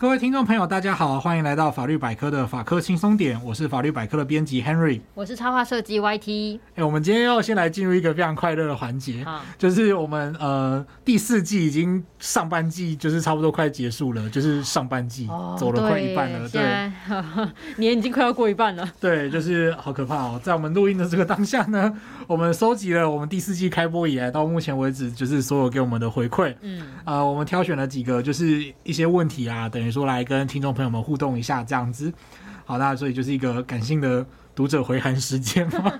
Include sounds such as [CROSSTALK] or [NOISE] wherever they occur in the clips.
各位聽眾朋友，大家好，歡迎來到法律百科的法科輕鬆點，我是法律百科的編輯 Henry，我是插畫設計 YT。哎、欸，我們今天要先來進入一個非常快樂的環節，好就是我們呃第四季已經上半季，就是差不多快結束了，就是上半季、哦、走了快一半了，對，年對已經快要過一半了，對，就是好可怕哦。在我們錄音的這個當下呢，我們收集了我們第四季開播以來到目前為止就是所有給我們的回饋，嗯，呃，我們挑選了幾個就是一些問題啊，嗯、等於。說來跟聽眾朋友們互動一下，這樣子，好，那所以就是一個感性的讀者回函時間嘛，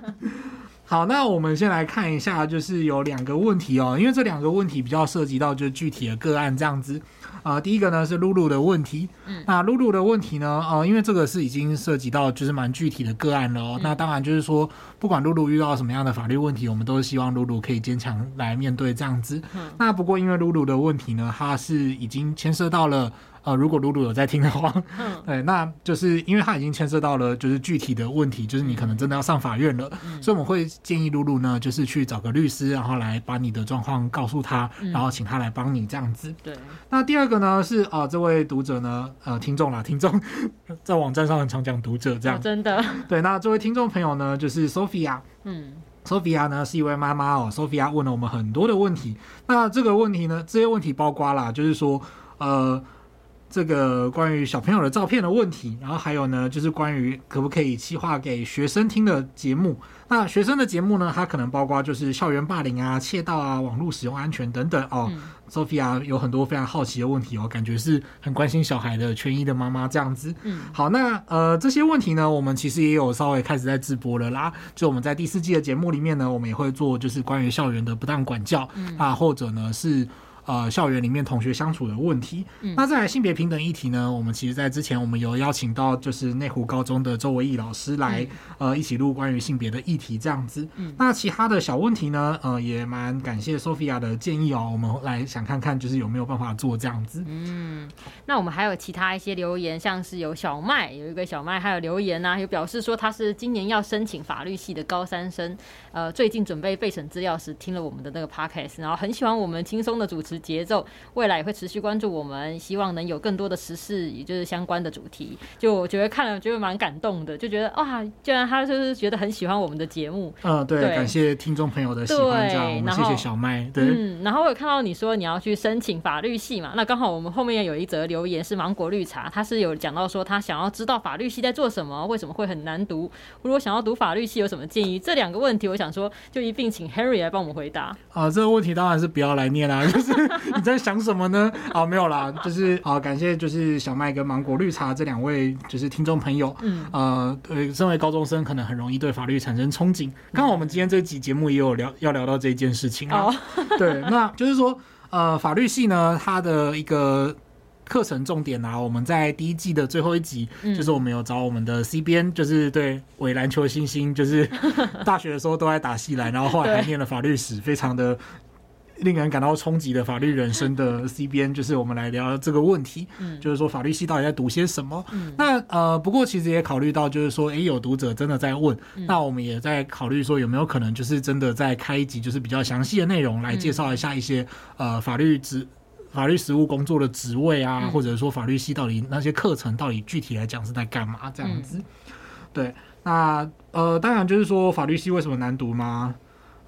好，那我們先來看一下，就是有兩個問題哦，因為這兩個問題比較涉及到就是具體的個案這樣子。啊，第一個呢是露露的問題，那露露的問題呢，呃，因為這個是已經涉及到就是蠻具體的個案了哦。那當然就是說，不管露露遇到什麼樣的法律問題，我們都是希望露露可以堅強來面對這樣子。那不過因為露露的問題呢，它是已經牽涉到了。呃、如果露露有在聽的話，嗯、對，那就是因為他已經牽涉到了，就是具體的問題，就是你可能真的要上法院了，嗯、所以我們會建議露露呢，就是去找個律師，然後來把你的狀況告訴他，然後請他來幫你這樣子。嗯、對，那第二個呢是啊、呃，這位讀者呢，呃，聽眾啦，聽眾 [LAUGHS] 在網站上很常講讀者這樣，哦、真的，對，那這位聽眾朋友呢，就是 Sophia，嗯，Sophia 呢是一位媽媽哦，Sophia 問了我們很多的問題，那這個問題呢，這些問題包括啦，就是說，呃。這個關於小朋友的照片的問題，然後還有呢，就是關於可不可以企劃給學生聽的節目。那學生的節目呢，它可能包括就是校園霸凌啊、竊盜啊、網絡使用安全等等哦。嗯、Sophia 有很多非常好奇的問題哦，感覺是很關心小孩的權益的媽媽這樣子。嗯，好，那呃這些問題呢，我們其實也有稍微開始在直播了啦。就我們在第四季的節目裡面呢，我們也會做就是關於校園的不當管教，嗯、啊，或者呢是。呃，校園裡面同學相處的問題。嗯、那在性別平等議題呢？我們其實，在之前我們有邀請到就是內湖高中的周維義老師來，嗯、呃，一起錄關於性別的議題這樣子。嗯、那其他的小問題呢？呃，也蠻感謝 Sophia 的建議哦。我們來想看看，就是有沒有辦法做這樣子。嗯，那我們還有其他一些留言，像是有小麥有一個小麥，還有留言啊，有表示說他是今年要申請法律系的高三生。呃，最近準備備審資料時，聽了我們的那個 Podcast，然後很喜歡我們輕鬆的主持節奏。未來也會持續關注我們，希望能有更多的時事，也就是相關的主題。就我覺得看了，覺得蠻感動的，就覺得哇，居然他就是覺得很喜歡我們的節目。嗯，對，對感謝聽眾朋友的喜歡，對我們謝謝小麥。後對嗯，然後我有看到你說你要去申請法律系嘛？那剛好我們後面有一則留言是芒果綠茶，他是有講到說他想要知道法律系在做什麼，為什麼會很難讀？如果想要讀法律系有什麼建議？這兩個問題，我想說就一併請 Henry 來幫我們回答。啊，這個問題當然是不要來念啦、啊，就是。 [LAUGHS] 你在想什麼呢？啊，沒有啦，就是啊，感謝就是小麥跟芒果綠茶這兩位就是聽眾朋友。嗯，呃，身為高中生，可能很容易對法律產生憧憬。剛好、嗯、我們今天這集節目也有聊，要聊到這件事情啊。好對，那就是說，呃，法律系呢，它的一個課程重點啊，我們在第一季的最後一集，嗯、就是我們有找我們的 C 編，就是對，偽籃球星星，就是大學的時候都在打系籃，然後後來還念了法律史，對非常的。令人感到衝擊的法律人生的 C 邊， [LAUGHS] 就是我們來聊這個問題。嗯，就是說法律系到底在讀些什麼？嗯、那呃，不過其實也考慮到，就是說，誒、欸，有讀者真的在問，嗯、那我們也在考慮說，有沒有可能就是真的在開一集，就是比較詳細的內容來介紹一下一些、嗯、呃法律職、法律實務工作的職位啊，嗯、或者說法律系到底那些課程到底具體來講是在幹嘛這樣子？嗯、對，那呃，當然就是說法律系為什麼難讀嗎？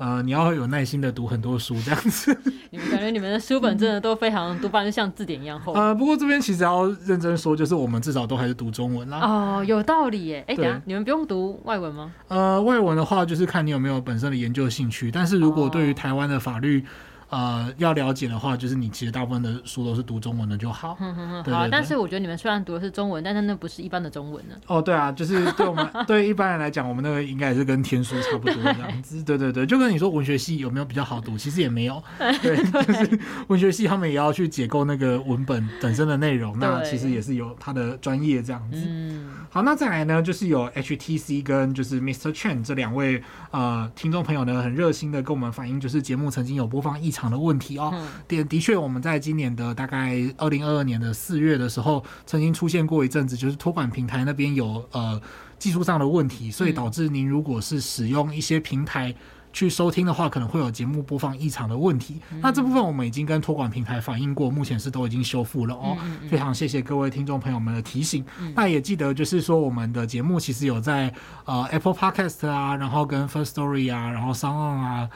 呃，你要有耐心的讀很多書這樣子。你們感覺你們的書本真的都非常多半、嗯、就像字典一樣厚。呃，不過這邊其實要認真說，就是我們至少都還是讀中文啦。哦，有道理耶。哎、欸對，等一下，你們不用讀外文嗎？呃，外文的話就是看你有沒有本身的研究興趣。但是如果對於台灣的法律。哦呃，要了解的話，就是你其實大部分的書都是讀中文的就好。好、嗯，對對對但是我覺得你們雖然讀的是中文，但是那不是一般的中文呢、啊。哦，對啊，就是對我們 [LAUGHS] 對一般人來講，我們那個應該也是跟天書差不多的樣子。對,對對對，就跟你說文學系有沒有比較好讀？ [LAUGHS] 其實也沒有。對，對就是文學系他們也要去解構那個文本本身的內容，對那其實也是有他的專業這樣子。嗯，好，那再來呢，就是有 HTC 跟就是 Mr. Chen 這兩位呃聽眾朋友呢，很熱心的跟我們反映，就是節目曾經有播放異常。的問題哦，的的確，我們在今年的大概二零二二年的四月的時候，曾經出現過一陣子，就是托管平台那邊有呃技術上的問題，所以導致您如果是使用一些平台去收聽的話，可能會有節目播放異常的問題。那這部分我們已經跟托管平台反映過，目前是都已經修復了哦。非常謝謝各位聽眾朋友們的提醒。那也記得就是說，我們的節目其實有在呃 Apple Podcast 啊，然後跟 Firstory 啊，然後 SoundOn 啊。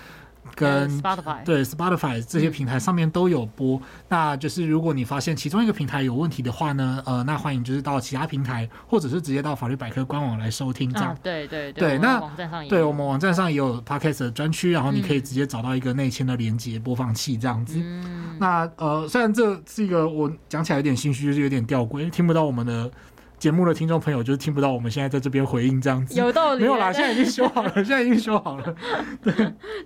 跟 Spotify 對 Spotify 這些平台上面都有播，嗯、那就是如果你發現其中一個平台有問題的話呢，呃，那歡迎就是到其他平台，或者是直接到法律百科官網來收聽這樣。啊、對對對。對，那對我們網站上也有 Podcast 的專區，然後你可以直接找到一個內嵌的連接播放器這樣子。嗯、那呃，雖然這是一個我講起來有點心虛，就是有點吊詭，聽不到我們的。節目的聽眾朋友就是聽不到我們現在在這邊回應這樣子，有道理。沒有啦，對現在已經修好了，對現在已經修好了。對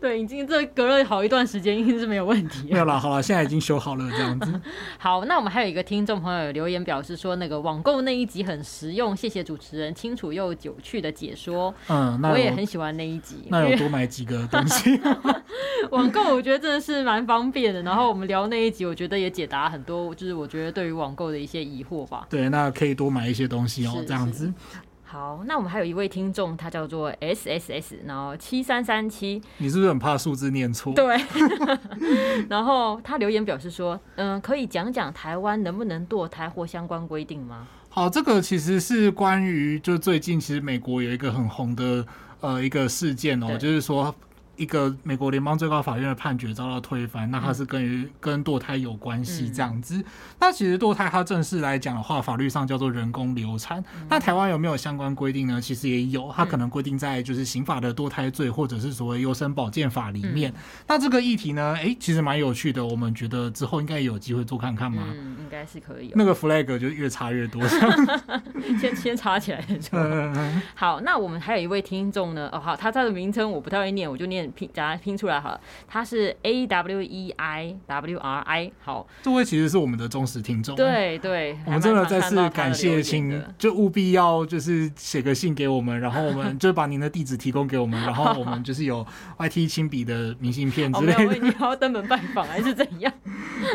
對，已經這隔了好一段時間，一定是沒有問題。沒有啦，好啦，現在已經修好了這樣子。 [LAUGHS] 好，那我們還有一個聽眾朋友留言表示說，那個網購那一集很實用，謝謝主持人清楚又有趣的解說。嗯，那我也很喜歡那一集。那有多買幾個東西？ [LAUGHS] [LAUGHS] 網購我覺得真的是蠻方便的。 [LAUGHS] 然後我們聊那一集，我覺得也解答很多，就是我覺得對於網購的一些疑惑吧。對，那可以多買一些。這些東西哦、喔，這樣子是是。好，那我們還有一位聽眾，他叫做 S S S 然後七三三七，你是不是很怕數字念錯？對。 [LAUGHS] [LAUGHS] 然後他留言表示說，嗯，可以講講台灣能不能墮胎或相關規定嗎？好，這個其實是關於，就最近其實美國有一個很紅的呃一個事件哦、喔，對就是說。一個美國聯邦最高法院的判決遭到推翻，那它是跟於跟墮胎有關係這樣子。嗯、那其實墮胎它正式來講的話，法律上叫做人工流產。嗯、那台灣有沒有相關規定呢？其實也有，它可能規定在就是刑法的墮胎罪，或者是所謂優生保健法裡面。嗯、那這個議題呢，哎、欸，其實蠻有趣的。我們覺得之後應該也有機會做看看嘛。嗯，應該是可以、哦。那個 flag 就越插越多， [LAUGHS] [LAUGHS] 先先插起來再說好，嗯、好，那我們還有一位聽眾呢，哦好，他他的名稱我不太會念，我就念。拼，假拼出來好了。他是 A W E I W R I 好。這位其實是我們的忠實聽眾。對對，我們真的再次感謝親，對就務必要就是寫個信給我們， [LAUGHS] 然後我們就把您的地址提供給我們， [LAUGHS] 然後我們就是有 YT 親筆的明信片之類的。哦、你，要登門拜訪還是怎樣？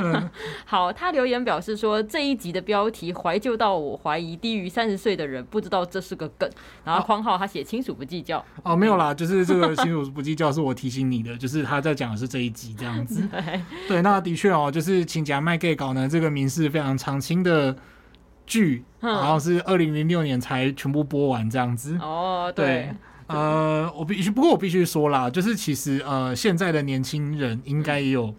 嗯、 [LAUGHS] 好，他留言表示說這一集的標題懷舊到我懷疑低於三十歲的人不知道這是個梗。然後括號，他寫、哦、親屬不計較。哦，沒有啦，就是這個親屬不計較是。 [LAUGHS] 我提醒你的就是他在講的是這一集這樣子， [LAUGHS] 對，對，那的確哦，就是《情假麥 gay 搞》呢，這個民視非常長青的劇，然後、嗯、是二零零六年才全部播完這樣子哦。對，對，呃，我必須不過我必須說啦，就是其實呃現在的年輕人應該也有，嗯、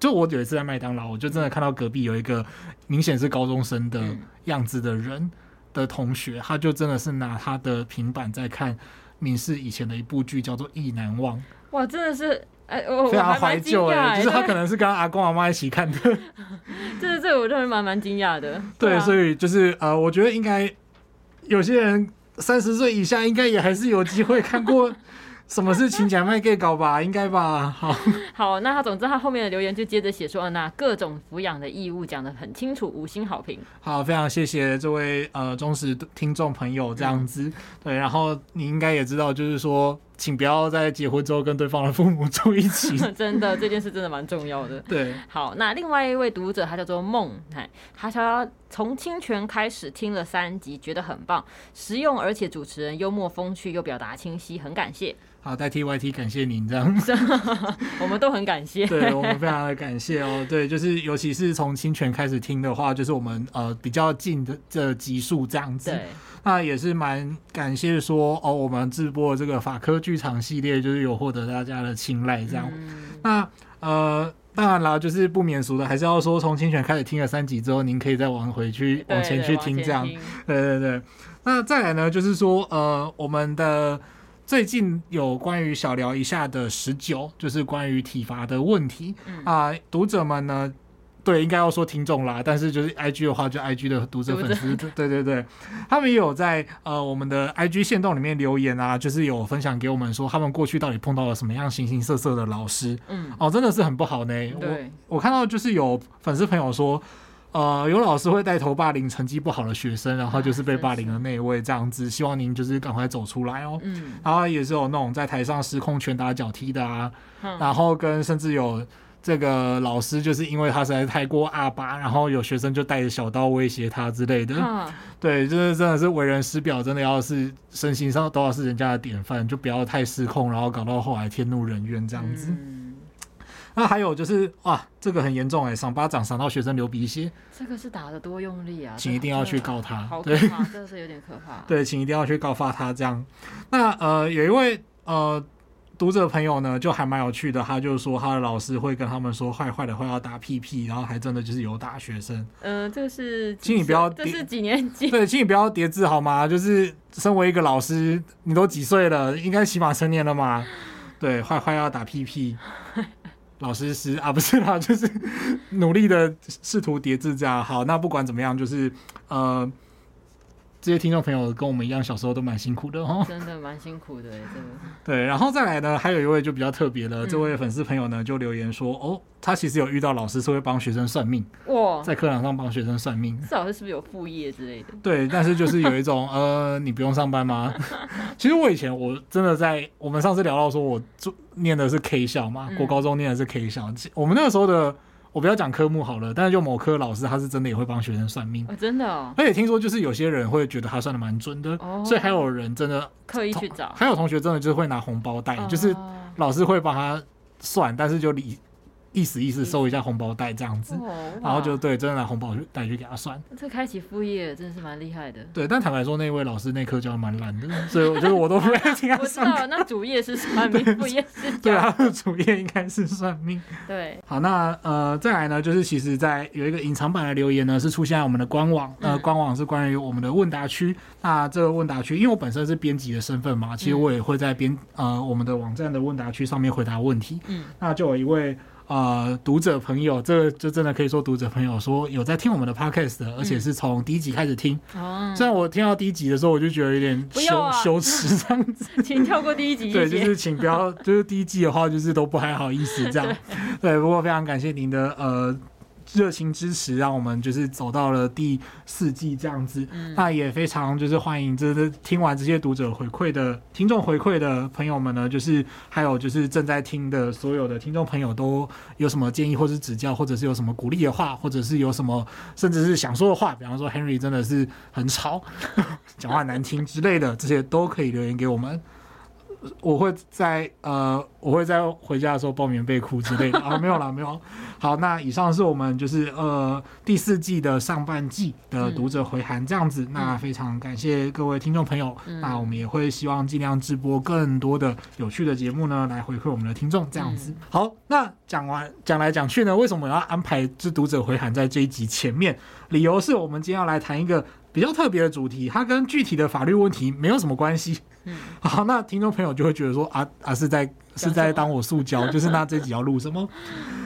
就我有一次在麥當勞，我就真的看到隔壁有一個明顯是高中生的樣子的人的同學，嗯、他就真的是拿他的平板在看民視以前的一部劇，叫做《意難忘》。哇，真的是哎，我非常懷舊哎，對就是他可能是跟阿公阿媽一起看的。 [LAUGHS] 就是這這，我真的蠻蠻驚訝的。對，對啊、所以就是呃，我覺得應該有些人三十歲以下應該也還是有機會看過《什麼是請假賣給搞》吧， [LAUGHS] 應該吧。好，好，那他總之他後面的留言就接着寫說，那各種撫養的義務講得很清楚，五星好評。好，非常謝謝這位呃忠實聽眾朋友這樣子。嗯、對，然後你應該也知道，就是說。請不要在結婚之後跟對方的父母住一起。 [LAUGHS] 真的，這件事真的蠻重要的。對，好，那另外一位讀者他叫做夢，哎，他他從侵權開始聽了三集，覺得很棒，實用，而且主持人幽默風趣又表達清晰，很感謝。好，代替 YT 感謝您這樣。 [LAUGHS] [LAUGHS] 我們都很感謝。對我們非常的感謝哦，對，就是尤其是從侵權開始聽的話，就是我們呃比較近的這集數這樣子。對。那、啊、也是蠻感謝說哦，我們製播這個法科劇場系列，就是有獲得大家的青睞這樣。嗯、那呃，當然了，就是不免俗的，還是要說從侵權開始聽了三集之後，您可以再往回去往前去聽這樣。對對對，對對對。那再來呢，就是說呃，我們的最近有關於小聊一下的十九，就是關於體罰的問題啊，嗯、讀者們呢。對，應該要說聽眾啦，但是就是 I G 的話，就 I G 的讀者粉絲，對對對，他們也有在呃我們的 I G 限動裡面留言啊，就是有分享給我們說他們過去到底碰到了什麼樣形形色色的老師，嗯，哦，真的是很不好呢、欸。我我看到就是有粉絲朋友說，呃，有老師會帶頭霸凌成績不好的學生，然後就是被霸凌的那一位這樣子，希望您就是趕快走出來哦。然後也是有那種在台上失控拳打腳踢的啊，然後跟甚至有。這個老師就是因為他實在是太過阿巴，然後有學生就帶着小刀威脅他之類的。啊、對，就是真的是為人師表，真的要是身心上都要是人家的典範，就不要太失控，然後搞到後來天怒人怨這樣子。嗯、那還有就是哇，這個很嚴重哎、欸，賞巴掌賞到學生流鼻血，這個是打得多用力啊！啊請一定要去告他。對啊、好對，真的是有點可怕。 [LAUGHS] 對，請一定要去告發他這樣。那呃，有一位呃。讀者朋友呢，就還蠻有趣的。他就說，他的老師會跟他們說“壞壞的話要打屁屁”，然後還真的就是有打學生。嗯、呃，就是，請你不要這是幾年級？對，請你不要疊字好嗎？就是身為一個老師，你都幾歲了？應該起碼成年了嘛？對，壞壞要打屁屁， [LAUGHS] 老師是啊，不是啦，就是努力的試圖疊字這樣。好，那不管怎麼樣，就是呃。這些聽眾朋友跟我們一樣，小時候都蠻辛苦的哦。真的蠻辛苦的，對，然後再來呢，還有一位就比較特別的這位粉絲朋友呢，就留言說哦，他其實有遇到老師是會幫學生算命，在課堂上幫學生算命。老師是不是有副業之類的？對，但是就是有一種呃，你不用上班嗎？其實我以前我真的在我們上次聊到說，我念的是 K 校嘛，國高中念的是 K 校，我們那個時候的。我不要講科目好了，但是就某科老師他是真的也會幫學生算命，哦、真的、哦，而且聽說就是有些人會覺得他算的蠻準的，哦、所以還有人真的刻意去找，還有同學真的就會拿紅包袋，哦、就是老師會幫他算，但是就理。意思意思收一下紅包袋這樣子，然後就對，真的拿紅包袋去給他算。這開啟副業真的是蠻厲害的。對，但坦白說，那位老師那課教的蠻爛的，所以我覺得我都不愛聽他上課。我知道那主業是算命，副業是對啊，主業應該是算命。對，好，那呃，再來呢，就是其實在有一個隱藏版的留言呢，是出現在我們的官網。嗯、呃，官網是關於我們的問答區。那這個問答區，因為我本身是編輯的身份嘛，其實我也會在編、嗯、呃我們的網站的問答區上面回答問題。嗯，那就有一位。呃，讀者朋友，這個就真的可以說，讀者朋友說有在聽我們的 podcast 的，、嗯、而且是從第一集開始聽。哦、嗯，雖然我聽到第一集的時候，我就覺得有點羞、啊、羞恥這樣子，請跳過第一集一。 [LAUGHS] 對，就是請不要，就是第一集的話，就是都不還好意思這樣。 [LAUGHS] 對，對，不過非常感謝您的呃。熱情支持，讓我們就是走到了第四季這樣子。嗯、那也非常就是歡迎，這聽完這些讀者回饋的聽眾回饋的朋友們呢，就是還有就是正在聽的所有的聽眾朋友，都有什麼建議或者指教，或者是有什麼鼓勵的話，或者是有什麼甚至是想說的話，比方說 Henry 真的是很吵，講話難聽之類的，這些都可以留言給我們。我會在呃，我會在回家的時候抱棉被哭之類的 [LAUGHS] 啊，沒有啦，沒有。好，那以上是我們就是呃第四季的上半季的讀者回函這樣子。嗯、那非常感謝各位聽眾朋友。嗯、那我們也會希望盡量製播更多的有趣的節目呢，來回饋我們的聽眾這樣子。嗯、好，那講完講來講去呢，為什麼要安排這讀者回函在這一集前面？理由是我們今天要來談一個。比較特別的主題，它跟具體的法律問題沒有什麼關係。嗯，好，那聽眾朋友就會覺得說，啊，啊，是在是在當我塑膠，就是那這幾條路是嗎？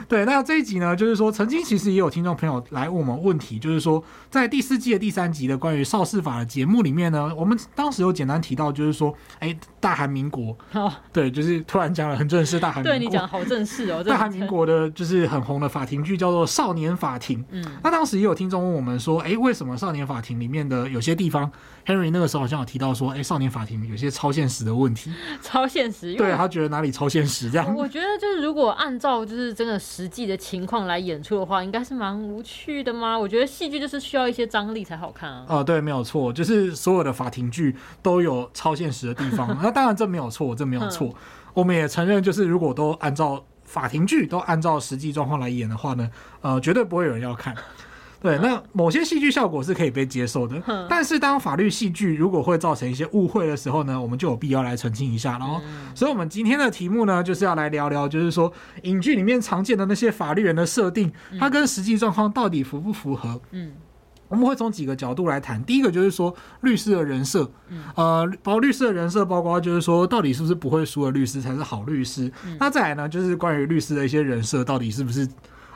[LAUGHS] 對，那這一集呢，就是說，曾經其實也有聽眾朋友來問我們問題，就是說，在第四季的第三集的關於少事法的節目裡面呢，我們當時有簡單提到，就是說，哎、欸，大韓民國，哦、對，就是突然講了很正式大韓民國。對，你講的好正式哦， [LAUGHS] 大韓民國的，就是很紅的法庭劇叫做《少年法庭》，嗯，那當時也有聽眾問我們說，哎、欸，為什麼少年法庭裡面的有些地方，Henry 那個時候好像有提到說，哎、欸，少年法庭有些超現實的問題，超現實，對，他覺得哪裡超現實這樣，我覺得就是如果按照就是真的是。實際的情況來演出的話，應該是蠻無趣的嗎？我覺得戲劇就是需要一些張力才好看啊。哦、呃，對，沒有錯，就是所有的法庭劇都有超現實的地方。 [LAUGHS] 那當然這沒有錯，這沒有錯。 [LAUGHS] 我們也承認，就是如果都按照法庭劇，都按照實際狀況來演的話呢，呃，絕對不會有人要看。 [LAUGHS] 對，那某些戲劇效果是可以被接受的，呵但是當法律戲劇如果會造成一些誤會的時候呢，我們就有必要來澄清一下了哦。嗯。所以我們今天的題目呢，就是要來聊聊，就是說影劇裡面常見的那些法律人的設定，它跟實際狀況到底符不符合？嗯，我們會從幾個角度來談。第一個就是說律師的人設，呃，包括律師的人設，包括就是說到底是不是不會輸的律師才是好律師？嗯。那再來呢，就是關於律師的一些人設，到底是不是？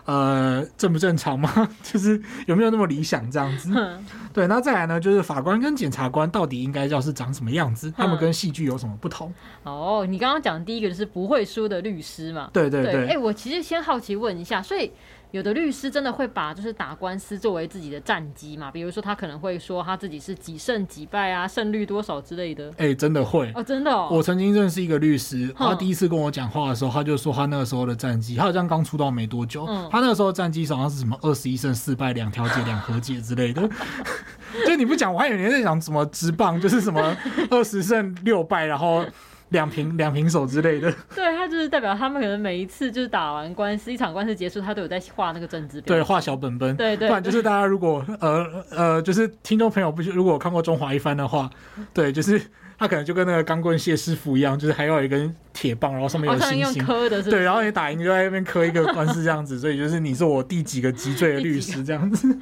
呃，正不正常嗎？就是有沒有那麼理想這樣子？ [LAUGHS] 對，那再來呢？就是法官跟檢察官到底應該要是長什麼樣子？ [LAUGHS] 他們跟戲劇有什麼不同？哦，你剛剛講第一個就是不會輸的律師嘛？對對對。哎、欸，我其實先好奇問一下，所以。有的律師真的會把就是打官司作為自己的戰績嘛？比如說，他可能會說他自己是幾勝幾敗啊，勝率多少之類的。哎、欸，真的會哦，真的、哦，我曾經認識一個律師，他第一次跟我講話的時候，他就說他那個時候的戰績。他好像剛出道沒多久，嗯、他那個時候的戰績好像是什麼二十一勝四敗，兩調解兩和解之類的。 [LAUGHS] [LAUGHS] 就你不講，我還以為你在講什麼職棒，就是什麼二十勝六敗， [LAUGHS] 然後。兩平兩平手之類的， [LAUGHS] 對，他就是代表他們可能每一次就是打完官司，一場官司結束，他都有在畫那個正字，對，畫小本本，對，對對，不然就是大家如果呃呃就是聽眾朋友不如果看過中華一番的話， [LAUGHS] 對，就是。他可能就跟那個鋼棍謝師傅一樣，就是還要一根鐵棒，然後上面有星星。哦、刻的是不是？對，然後你打贏就在那邊刻一個官司這樣子， [LAUGHS] 所以就是你是我第幾個擊墜的律師這樣子。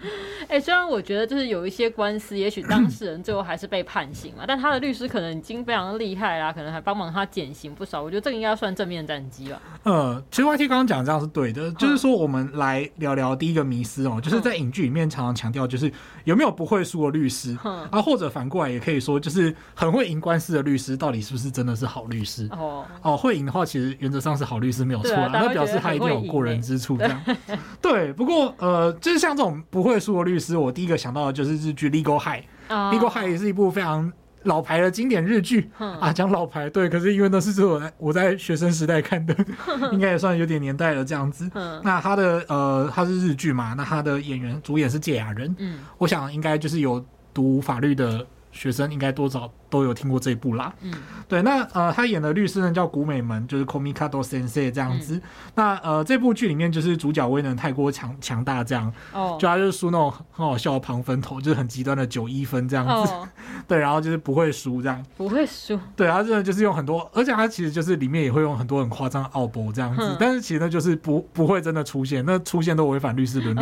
哎 [LAUGHS] 、欸，雖然我覺得就是有一些官司，也許當事人最後還是被判刑嘛，嗯、但他的律師可能已經非常厲害啦，可能還幫忙他減刑不少。我覺得這個應該算正面戰績了。嗯，其實 YT 剛剛講這樣是對的，嗯、就是說我們來聊聊第一個迷思哦、喔，嗯、就是在影劇裡面常常強調，就是有沒有不會輸的律師、嗯、啊，或者反過來也可以說，就是很會贏。官司的律師到底是不是真的是好律師？哦、oh. 哦，會贏的話，其實原則上是好律師沒有錯啊。那表示他一定有過人之處，這樣。對，對，不過呃，就是像這種不會輸的律師，我第一個想到的就是日劇《Legal High》。《Legal High》也是一部非常老牌的經典日劇、oh. 啊，講老牌對，可是因為那是是我我在學生時代看的， [LAUGHS] 應該也算有點年代了這樣子。 [LAUGHS] 那他的呃，他是日劇嘛？那他的演員主演是堺雅人，嗯，我想應該就是有讀法律的學生應該多少都有聽過這一部啦，嗯，對，那呃，他演的律師呢叫，古美門，就是コミカドセンセイ這樣子。嗯、那呃，這部劇裡面就是主角威能太過強強大，這樣，哦、就他就是梳那種很好笑的旁分頭，就是很極端的九一分這樣子。哦 [LAUGHS] 對，然後就是不會輸這樣，不會輸。對，他真的就是用很多，而且他其實就是裡面也會用很多很誇張的奧博這樣子，嗯、但是其實呢，就是不不會真的出現，那出現都違反律師倫理，比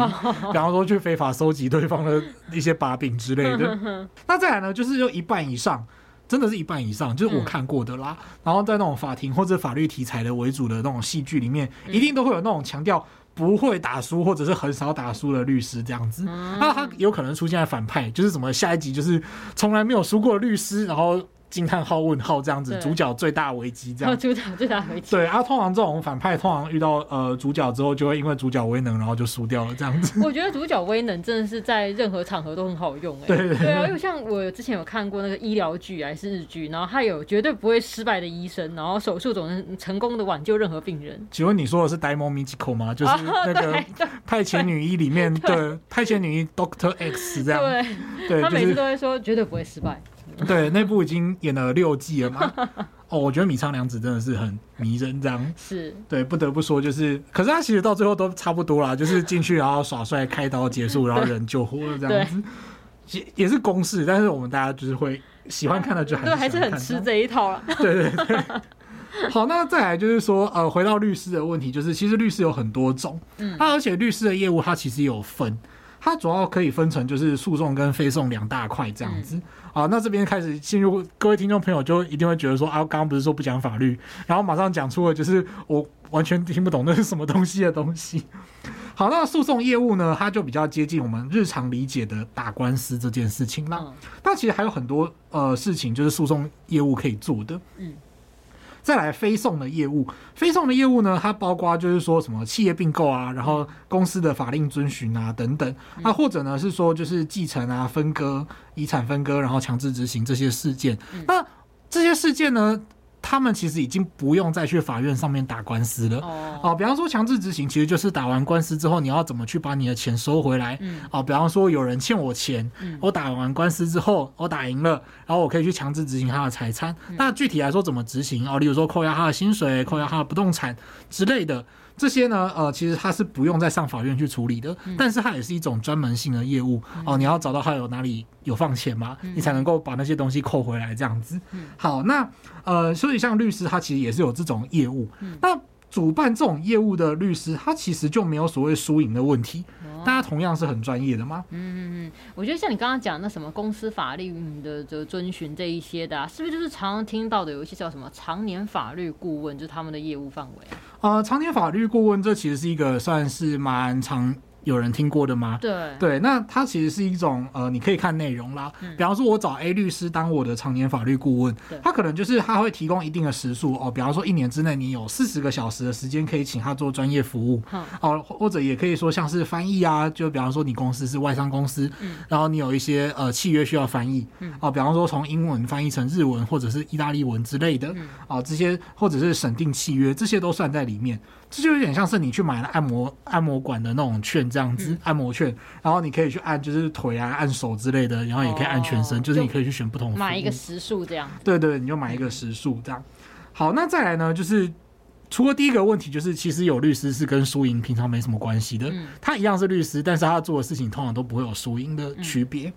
方、哦、說去非法收集對方的一些把柄之類的。嗯、那再來呢，就是有一半以上，真的是一半以上，就是我看過的啦。嗯、然後在那種法庭或者法律題材的為主的那種戲劇裡面，一定都會有那種強調。不會打輸，或者是很少打輸的律師這樣子，那他有可能出現在反派，就是什麼下一集就是從來沒有輸過的律師，然後。驚嘆號問號這樣子，對主角最大危機這樣子。主角最大危機。對啊，通常這種反派通常遇到呃主角之後，就會因為主角威能，然後就輸掉了這樣子。我覺得主角威能真的是在任何場合都很好用哎、欸。對對，對，對啊，因為像我之前有看過那個醫療劇還是日劇，然後他有絕對不會失敗的醫生，然後手術總是成功的挽救任何病人。請問你說的是《呆 i 醫 o 嗎？就是那個派遣女醫裡面，派遣女醫 Doctor X 這樣。對對，他每次都會說絕對不會失敗。 [LAUGHS] 對，那部已經演了六季了嘛？ [LAUGHS] 哦，我覺得米倉涼子真的是很迷人，這樣是對，不得不說就是，可是他其實到最後都差不多啦，就是進去然後耍帥開刀結束，然後人救活了這樣子，也 [LAUGHS] 對也是公式，但是我們大家就是會喜歡看的就還是喜歡看，就 [LAUGHS] 還是很吃這一套了。 [LAUGHS] 對對對，好，那再來就是說，呃，回到律師的問題，就是其實律師有很多種，嗯，它、啊、而且律師的業務它其實有分，它主要可以分成就是訴訟跟非訟兩大塊這樣子。嗯好，那這邊開始進入各位聽眾朋友就一定會覺得說，啊，剛剛不是說不講法律，然後馬上講出了就是我完全聽不懂那是什麼東西的東西。好，那訴訟業務呢，它就比較接近我們日常理解的打官司這件事情。那那其實還有很多呃事情，就是訴訟業務可以做的。嗯。再來非訟的業務，非訟的業務呢，它包括就是說什麼企業併購啊，然後公司的法令遵循啊等等，那、嗯啊、或者呢是說就是繼承啊、分割遺產分割，然後強制執行這些事件。嗯、那這些事件呢，他們其實已經不用再去法院上面打官司了。哦，比方說，強制執行其實就是打完官司之後，你要怎麼去把你的錢收回來？嗯，哦，比方說有人欠我錢，我打完官司之後我打贏了，然後我可以去強制執行他的財產。那具體來說怎麼執行啊？例如說，扣押他的薪水，扣押他的不動產之類的。這些呢，呃，其實他是不用再上法院去處理的，嗯、但是他也是一種專門性的業務、嗯、哦。你要找到他有哪裡有放錢嘛，嗯、你才能夠把那些東西扣回來這樣子。嗯、好，那呃，所以像律師他其實也是有這種業務。那、嗯、主辦這種業務的律師，他其實就沒有所謂輸贏的問題，大家、嗯、同樣是很專業的嗎？嗯嗯嗯，我覺得像你剛剛講那什麼公司法律的這遵循這一些的、啊，是不是就是常常聽到的有一些叫什麼常年法律顧問，就是他們的業務範圍、啊。呃，常年法律顧問，這其實是一個算是蠻常。有人聽過的嗎？對對，那它其實是一種呃，你可以看內容啦。嗯、比方說，我找 A 律師當我的常年法律顧問，嗯、他可能就是他會提供一定的時數哦、呃。比方說，一年之內你有四十個小時的時間可以請他做專業服務。哦、嗯呃，或者也可以說像是翻譯啊，就比方說你公司是外商公司，嗯、然後你有一些呃契約需要翻譯。哦、嗯呃，比方說從英文翻譯成日文或者是意大利文之類的。哦、嗯呃，這些或者是審定契約，這些都算在裡面。這就有點像是你去買了按摩按摩館的那種券這樣子，嗯、按摩券，然後你可以去按就是腿啊、按手之類的，然後也可以按全身，哦、就是你可以去選不同。買一個時數這樣。對對，你就買一個時數這樣。嗯、好，那再來呢，就是除了第一個問題，就是其實有律師是跟輸贏平常沒什麼關係的，嗯、他一樣是律師，但是他做的事情通常都不會有輸贏的區別。嗯、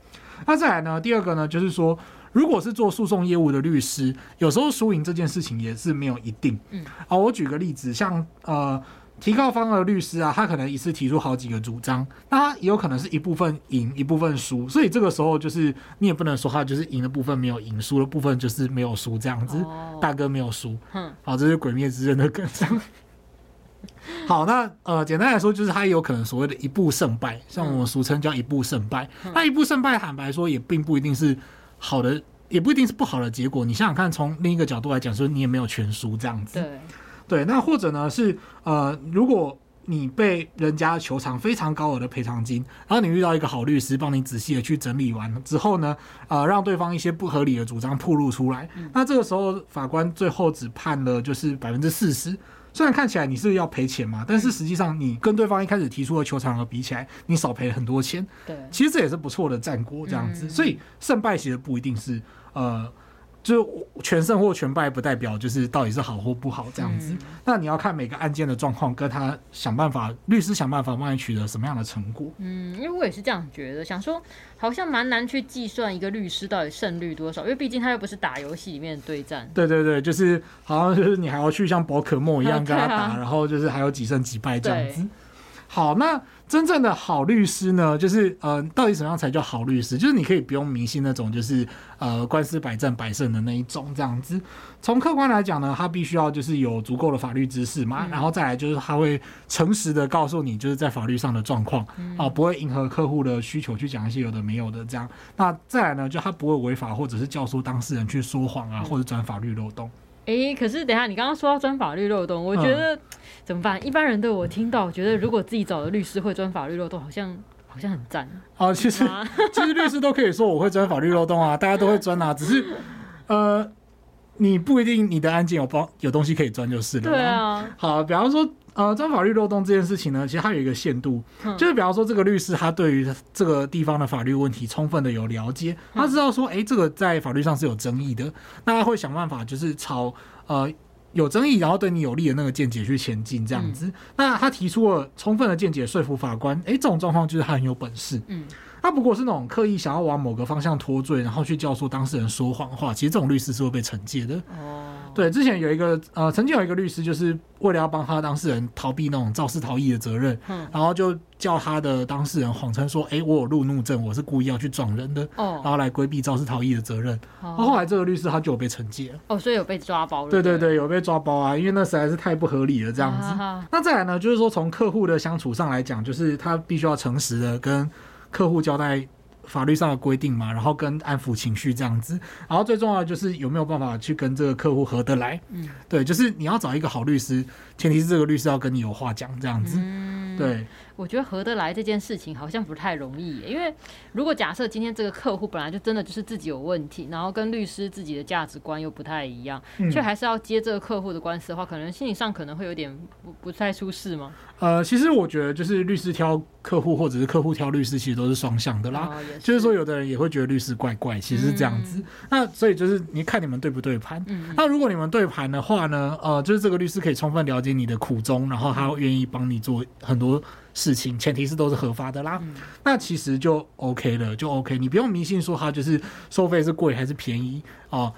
那再來呢，第二個呢，就是說。如果是做訴訟業務的律師，有時候輸贏這件事情也是沒有一定。嗯，好、啊，我舉個例子，像呃，提告方的律師啊，他可能一次提出好幾個主張，那他也有可能是一部分贏，一部分輸。所以這個時候就是你也不能說他就是贏的部分沒有贏，輸的部分就是沒有輸這樣子。哦，大哥沒有輸，嗯，好、啊，這是《鬼滅之刃》的梗。好，那呃，簡單來說就是他也有可能所謂的一步勝敗，像我們俗稱叫一步勝敗。嗯、那一步勝敗，坦白說也並不一定是好的，也不一定是不好的結果。你想想看，從另一個角度來講，說你也沒有全輸這樣子。對，對，那或者呢是呃，如果你被人家求償非常高額的賠償金，然後你遇到一個好律師，幫你仔細的去整理完之後呢，呃，讓對方一些不合理的主張曝露出來。嗯、那這個時候法官最後只判了就是百分之四十。雖然看起來你是要賠錢嘛，但是實際上你跟對方一開始提出的求償額比起來，你少賠很多錢。對，其實這也是不錯的戰果，這樣子。所以勝敗其實不一定是呃。就是全勝或全敗，不代表就是到底是好或不好這樣子，嗯。那你要看每個案件的狀況，跟他想辦法，律師想辦法幫你取得什麼樣的成果。嗯，因為我也是這樣覺得，想說好像蠻難去計算一個律師到底勝率多少，因為畢竟他又不是打遊戲裡面的對戰。對對對，就是好像就是你還要去像寶可夢一樣跟他打，啊啊，然後就是還有幾勝幾敗這樣子。好，那真正的好律師呢，就是呃，到底什麼樣才叫好律師？就是你可以不用迷信那種就是呃，官司百戰百勝的那一種這樣子。從客觀來講呢，他必須要就是有足夠的法律知識嘛，嗯、然後再來就是他會誠實的告訴你就是在法律上的狀況、嗯、啊，不會迎合客戶的需求去講一些有的沒有的這樣。那再來呢，就他不會違法或者是教唆當事人去說謊啊，或者鑽法律漏洞。嗯哎、欸，可是等一下你剛剛說到鑽法律漏洞，我覺得、嗯、怎麼辦？一般人對我聽到，覺得如果自己找的律師會鑽法律漏洞，好像好像很讚。好、啊，嗎其實 [LAUGHS] 其實律師都可以說我會鑽法律漏洞啊，大家都會鑽啊，只是呃，你不一定你的案件有包有東西可以鑽就是了、啊。對啊，好，比方說。呃，鑽法律漏洞這件事情呢，其實它有一個限度，嗯、就是比方說這個律師他對於這個地方的法律問題充分的有了解，嗯、他知道說，哎、欸，這個在法律上是有爭議的，那他會想辦法就是朝呃有爭議然後對你有利的那個見解去前進這樣子。嗯、那他提出了充分的見解，說服法官，哎、欸，這種狀況就是他很有本事。嗯，他不過是那種刻意想要往某個方向脫罪，然後去教唆當事人說謊話，其實這種律師是會被懲戒的。哦、嗯。對，之前有一個呃，曾經有一個律師，就是為了要幫他當事人逃避那種肇事逃逸的責任，嗯，然後就叫他的當事人謊稱說，哎，我有路怒症，我是故意要去撞人的，哦，然後來規避肇事逃逸的責任。哦，然後，後來這個律師他就有被懲戒。哦，所以有被抓包對對。對對對，有被抓包啊，因為那實在是太不合理了這樣子。啊、哈那再來呢，就是說從客戶的相處上來講，就是他必須要誠實的跟客戶交代。法律上的規定嘛，然後跟安撫情緒這樣子，然後最重要的就是有沒有辦法去跟這個客戶合得來，嗯，對，就是你要找一個好律師，前提是這個律師要跟你有話講這樣子，嗯，對。我覺得合得來這件事情好像不太容易，欸，因為如果假設今天這個客戶本來就真的就是自己有問題，然後跟律師自己的價值觀又不太一樣，卻還是要接這個客戶的官司的話，可能心理上可能會有點不不太舒適嗎？嗯。呃，其實我覺得就是律師挑客戶，或者是客戶挑律師，其實都是雙向的啦。就是說，有的人也會覺得律師怪怪，其實是這樣子。嗯、那所以就是你看你們對不對盤？嗯、那如果你們對盤的話呢？呃，就是這個律師可以充分了解你的苦衷，然後他會願意幫你做很多。事情前提是都是合法的啦，嗯、那其實就 OK 了，就 OK。你不用迷信說它就是收費是貴還是便宜啊。哦。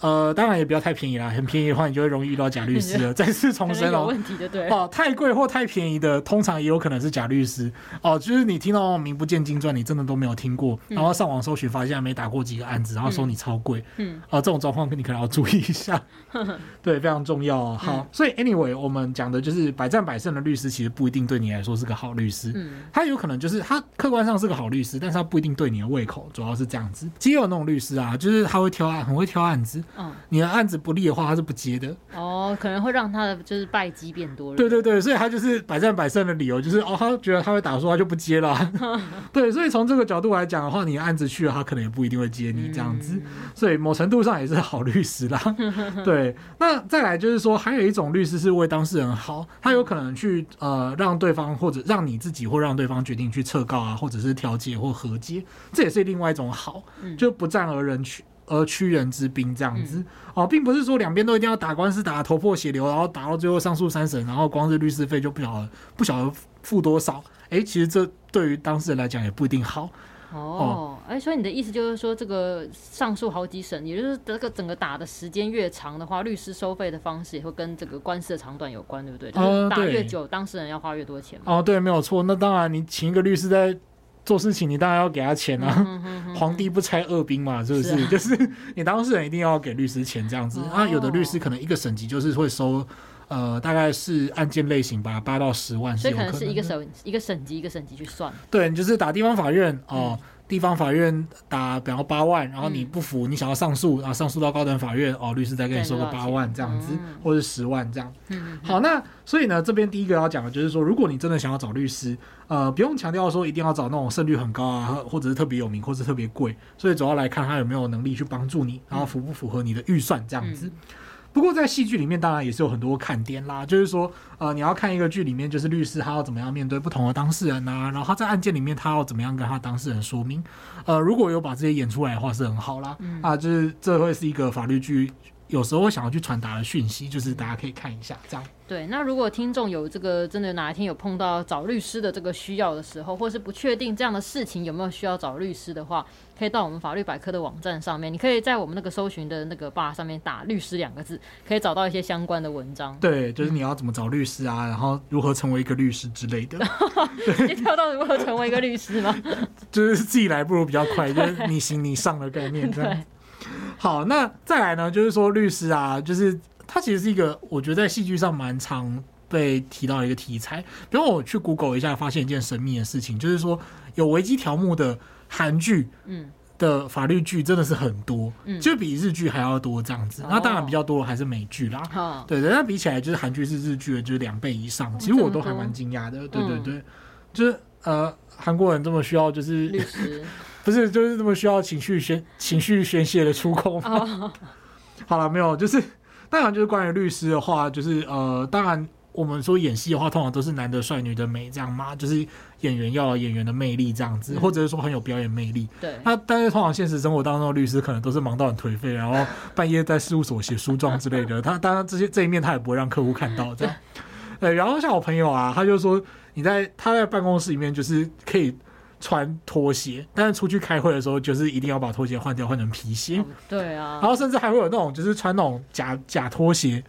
呃，當然也不要太便宜啦，很便宜的話，你就會容易遇到假律師了。感覺 再次重申哦、喔，有問題的對哦、啊，太貴或太便宜的，通常也有可能是假律師哦、啊。就是你聽到名不見經傳，你真的都沒有聽過，然後上網搜尋，發現還沒打過幾個案子，然後說你超貴、嗯，嗯，哦、啊，這種狀況你可能要注意一下，呵呵對，非常重要、喔。好，嗯、所以 anyway，我們講的就是百戰百勝的律師，其實不一定對你來說是個好律師，嗯，他有可能就是他客觀上是個好律師，但是他不一定對你的胃口，主要是這樣子。其實有那種律師啊，就是他會挑案，很會挑案子。嗯，oh, 你的案子不利的話，他是不接的。哦，oh, 可能會讓他的就是敗績變多了。對對對，所以他就是百戰百勝的理由就是哦，他覺得他會打輸，他就不接了、啊。 [LAUGHS] 對，所以從這個角度來講的話，你的案子去了，他可能也不一定會接你這樣子。Mm hmm. 所以某程度上也是好律師啦。 [LAUGHS] 對，那再來就是說，還有一種律師是為當事人好，他有可能去呃讓對方或者讓你自己或讓對方決定去撤告啊，或者是調解或和解，這也是另外一種好，mm hmm. 就是不戰而人取。而屈人之兵這樣子哦、啊，並不是說兩邊都一定要打官司打得頭破血流，然後打到最後上訴三審，然後光是律師費就不曉得不曉得付多少。誒。其實這對於當事人來講也不一定好、啊、哦。哎、欸，所以你的意思就是說，這個上訴好幾審，也就是這個整個打的時間越長的話，律師收費的方式也會跟這個官司的長短有關，對不對？就是打越久，呃、當事人要花越多錢。哦，對，沒有錯。那當然，你請一個律師在。做事情你當然要給他錢啊、嗯哼哼哼，皇帝不差餓兵嘛，是不是？是啊、就是你當事人一定要給律師錢這樣子啊,、哦、啊，有的律師可能一個審級就是會收，呃，大概是案件類型吧，八到十萬是有可能的。所以可能是一個審一個審級一個審級去算。對，你就是打地方法院哦。呃嗯地方法院打，比方八萬，然後你不服，你想要上訴，啊，上訴到高等法院，哦，律師再跟你收個八萬這樣子，或者十萬這樣。嗯，好，那所以呢，這邊第一個要講的就是說，如果你真的想要找律師，呃，不用強調說一定要找那種勝率很高啊，或者是特別有名，或是特別貴，所以主要來看他有沒有能力去幫助你，然後符不符合你的預算這樣子。不過在戲劇裡面，當然也是有很多看點啦。就是說，呃，你要看一個劇裡面，就是律師他要怎麼樣面對不同的當事人吶、啊，然後他在案件裡面他要怎麼樣跟他當事人說明。呃，如果有把這些演出來的話，是很好啦。啊，就是這會是一個法律劇，有時候想要去傳達的訊息，就是大家可以看一下這樣。對，那如果聽眾有這個真的哪一天有碰到找律師的這個需要的時候，或是不確定這樣的事情有沒有需要找律師的話，可以到我們法律百科的網站上面，你可以在我們那個搜尋的那個 bar 上面打“律師”兩個字，可以找到一些相關的文章。對，就是你要怎麼找律師啊，然後如何成為一個律師之類的。 [LAUGHS] 你跳到如何成為一個律師嗎？ [LAUGHS] 就是自己來不如比較快，就是你行你上的概念。對。好，那再來呢，就是說律師啊，就是。它其實是一個，我覺得在戲劇上蠻常被提到的一個題材。比如我去 Google 一下，發現一件神秘的事情，就是說有危機條目的韓劇，嗯，的法律劇真的是很多，嗯、就比日劇還要多這樣子。嗯、那當然比較多的還是美劇啦，哦、對，那比起來就是韓劇是日劇的就是兩倍以上，哦、其實我都還蠻驚訝的。對對對，嗯、就是呃，韓國人這麼需要就是律師 [LAUGHS] 不是就是這麼需要情緒宣情緒宣泄的出口嗎？哦、好了，沒有就是。當然，就是關於律師的話，就是呃，當然我們說演戲的話，通常都是男的帥，女的美這樣嘛。就是演員要演員的魅力這樣子，或者是說很有表演魅力。嗯、對。那、啊、但是通常現實生活當中，律師可能都是忙到很頹廢，然後半夜在事務所寫訴狀之類的。 [LAUGHS] 他當然這些這一面他也不會讓客戶看到這樣。呃、 [LAUGHS] 欸，然後像我朋友啊，他就說你在他在辦公室裡面就是可以。穿拖鞋，但是出去開會的時候，就是一定要把拖鞋換掉，換成皮鞋。Oh, 對啊，然後甚至還會有那種，就是穿那種假假拖鞋，應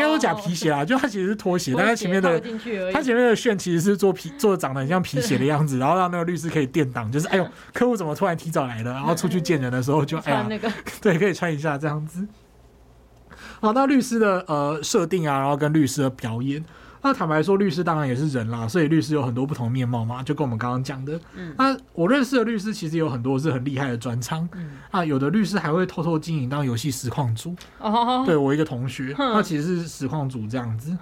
該說、oh, 假皮鞋啦。Oh. 就它其實是拖鞋，拖鞋但是前面的它前面的楦其實是做皮，做長得很像皮鞋的樣子，對然後讓那個律師可以墊檔，就是哎呦，客戶怎麼突然提早來了？然後出去見人的時候就、 [LAUGHS] 那個、哎呀，對，可以穿一下這樣子。好，那律師的呃設定啊，然後跟律師的表演。那、啊、坦白說，律師當然也是人啦，所以律師有很多不同面貌嘛，就跟我們剛剛講的。那、嗯啊、我認識的律師其實有很多是很厲害的專長，嗯、啊，有的律師還會偷偷經營當遊戲實況組哦，嗯、對我一個同學，呵他其實是實況主這樣子。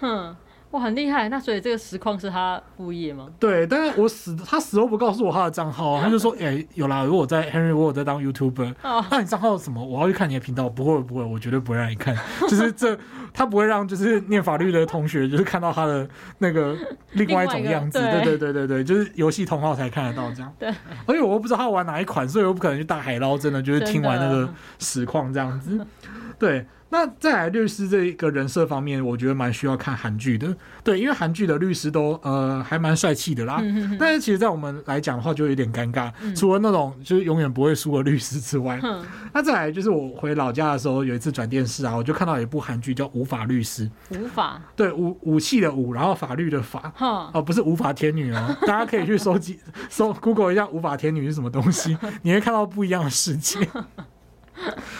哇，很厲害！那所以這個實況是他副業嗎？對，但是我死他死都不告訴我他的賬號，嗯、他就說：“哎、欸，有啦，如果我在 Henry 我我在當 YouTuber，哦、那你賬號什麼？我要去看你的頻道。不會不會，我絕對不會讓你看。 [LAUGHS] 就是這，他不會讓就是念法律的同學就是看到他的那個另外一種樣子。對對對對對，就是遊戲通號才看得到這樣。對，而且我又不知道他玩哪一款，所以我不可能去大海撈針的，就是聽完那個實況這樣子。的 [LAUGHS] 對，那再來律師這一個人設方面，我覺得蠻需要看韓劇的。對，因為韓劇的律師都呃還蠻帥氣的啦。嗯、哼哼。但是其實，在我們來講的話，就有點尷尬。嗯、除了那種就是永遠不會輸的律師之外，嗯。那、啊、再來就是我回老家的時候，有一次轉電視啊，我就看到一部韓劇叫《武法律師》。無法。對，武武器的武，然後法律的法。哦哈、呃，不是《無法天女、啊》哦，大家可以去搜集 [LAUGHS] 搜 Google 一下《無法天女》是什麼東西，你會看到不一樣的世界。 [LAUGHS]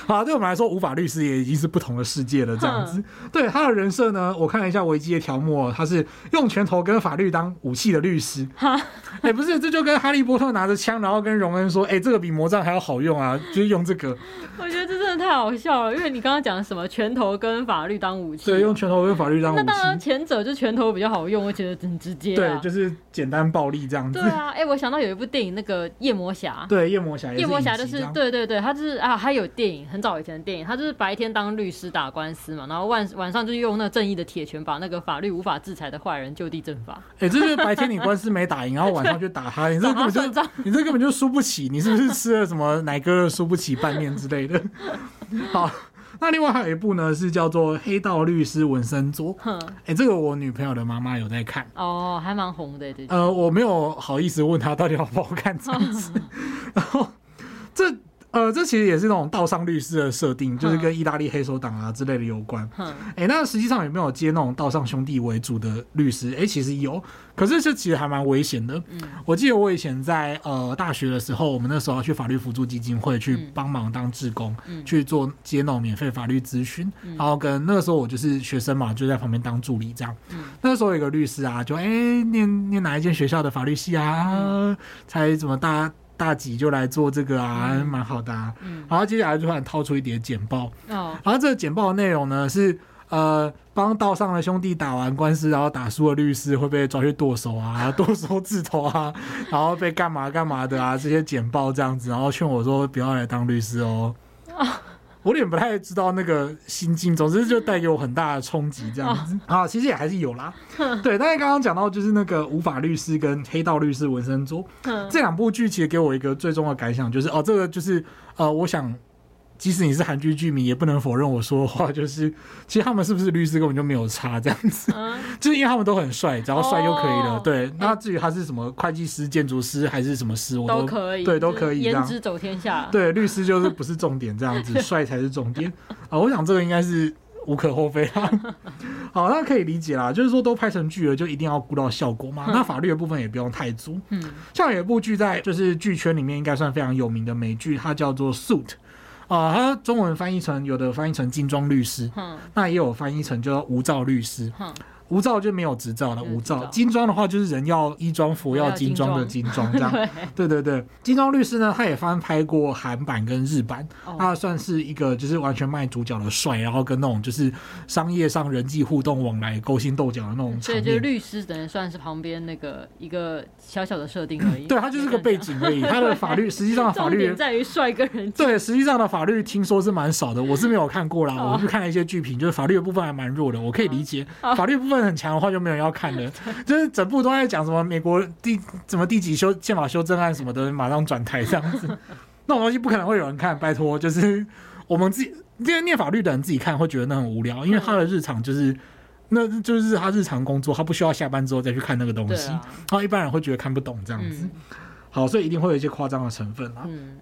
好、啊，對我們來說，無法律師也已經是不同的世界了，這樣子。嗯、對他的人設呢，我看了一下維基的條目，他是用拳頭跟法律當武器的律師。哈，哎、欸，不是，這就跟哈利波特拿着槍，然後跟榮恩說：“哎、欸，這個比魔杖還要好用啊，就是用這個。”我覺得這真的太好笑了，因為你剛剛講什麼拳頭跟法律當武器、啊，對，用拳頭跟法律當武器。那當然，前者就拳頭比較好用，我覺得很直接、啊。對，就是簡單暴力這樣子。對啊，哎、欸，我想到有一部電影，那個夜魔俠。對，夜魔俠。夜魔俠就是，對對對，他、就是啊，他有。電影，很早以前的電影，他就是白天當律師打官司嘛，然後晚晚上就用那正義的鐵拳把那個法律無法制裁的壞人就地正法。哎、欸，這是白天你官司沒打贏， [LAUGHS] 然後晚上就打他，你這根本就是、 [LAUGHS] 你這根本就輸不起，你是不是吃了什麼奶哥輸不起拌麵之類的？ [LAUGHS] 好，那另外還有一部呢，是叫做《黑道律師文森佐》。哎、 [LAUGHS] 欸，這個我女朋友的媽媽有在看哦，還蠻紅的、欸。這呃，我沒有好意思問她到底好不好看，這樣子。 [LAUGHS] 然後這。呃，這其實也是那種道上律師的設定，就是跟意大利黑手黨啊之類的有關。哎、嗯，那實際上有沒有接那種道上兄弟為主的律師？哎，其實有，可是這其實還蠻危險的。嗯、我記得我以前在呃大學的時候，我們那時候要去法律輔助基金會去幫忙當志工，嗯、去做接那種免費法律諮詢，嗯、然後跟那個時候我就是學生嘛，就在旁邊當助理這樣。嗯、那時候有個律師啊，就哎，念念哪一間學校的法律系啊？嗯、才怎麼大？大吉就來做這個啊，蠻、嗯、好的、啊。嗯、然後接下來就突然掏出一疊簡報。哦、然後這個簡報的內容呢是，呃，幫道上的兄弟打完官司，然後打輸了律師會被抓去剁手啊， [LAUGHS] 剁手指頭啊，然後被幹嘛幹嘛的啊， [LAUGHS] 這些簡報這樣子，然後勸我說不要來當律師哦。哦我也不太知道那個心境，總之就帶給我很大的衝擊，這樣子、oh. 啊，其實也還是有啦。 [LAUGHS] 對，但是剛剛講到就是那個《無法律師》跟《黑道律師》文森卓 [LAUGHS] 這兩部劇其實給我一個最重要的感想就是，哦，這個就是呃，我想。即使你是韓劇劇迷，也不能否認我說的話，就是其實他們是不是律師根本就沒有差，這樣子，嗯、就是因為他們都很帥，只要帥就可以了。哦、對，嗯、那至於他是什麼會計師、建築師還是什麼師，我都，都可以，對，都可以這樣，顏值走天下。對，律師就是不是重點，這樣子，帥 [LAUGHS] 才是重點啊、哦！我想這個應該是無可厚非啊。好，那可以理解啦，就是說都拍成劇了，就一定要顧到效果嘛。那、嗯、法律的部分也不用太足。嗯，像有一部劇在就是劇圈裡面應該算非常有名的美劇，它叫做《Suit》。啊，呃、他中文翻譯成有的翻譯成金裝律師、嗯，那也有翻譯成叫無照律師、嗯。無照就沒有執照了、嗯，無造照。金裝的話就是人要衣裝，佛要金裝的金裝這樣。對對對，金裝律師呢，他也翻拍過韓版跟日版，他算是一個就是完全賣主角的帥，然後跟那種就是商業上人際互動往來勾心鬥角的那種、嗯。所以就律師只能算是旁邊那個一個，小小的設定而已，嗯、對，他就是個背景而已。他的法律 [LAUGHS] 對實際上，法律 [LAUGHS] 在於帥跟人。對，實際上的法律聽說是蠻少的，我是沒有看過啦。Oh. 我是看了一些劇評，就是法律的部分還蠻弱的，我可以理解。Oh. 法律部分很強的話，就沒有人要看的。Oh. 就是整部都在講什麼美國第怎麼第幾修憲法修正案什麼的， [LAUGHS] 馬上轉台這樣子，那種東西不可能會有人看。拜託，就是我們自己這些念法律的人自己看會覺得那很無聊，因為他的日常就是。 [LAUGHS] 那就是他日常工作，他不需要下班之後再去看那個東西。他、啊、一般人會覺得看不懂這樣子。嗯、好，所以一定會有一些誇張的成分嗯。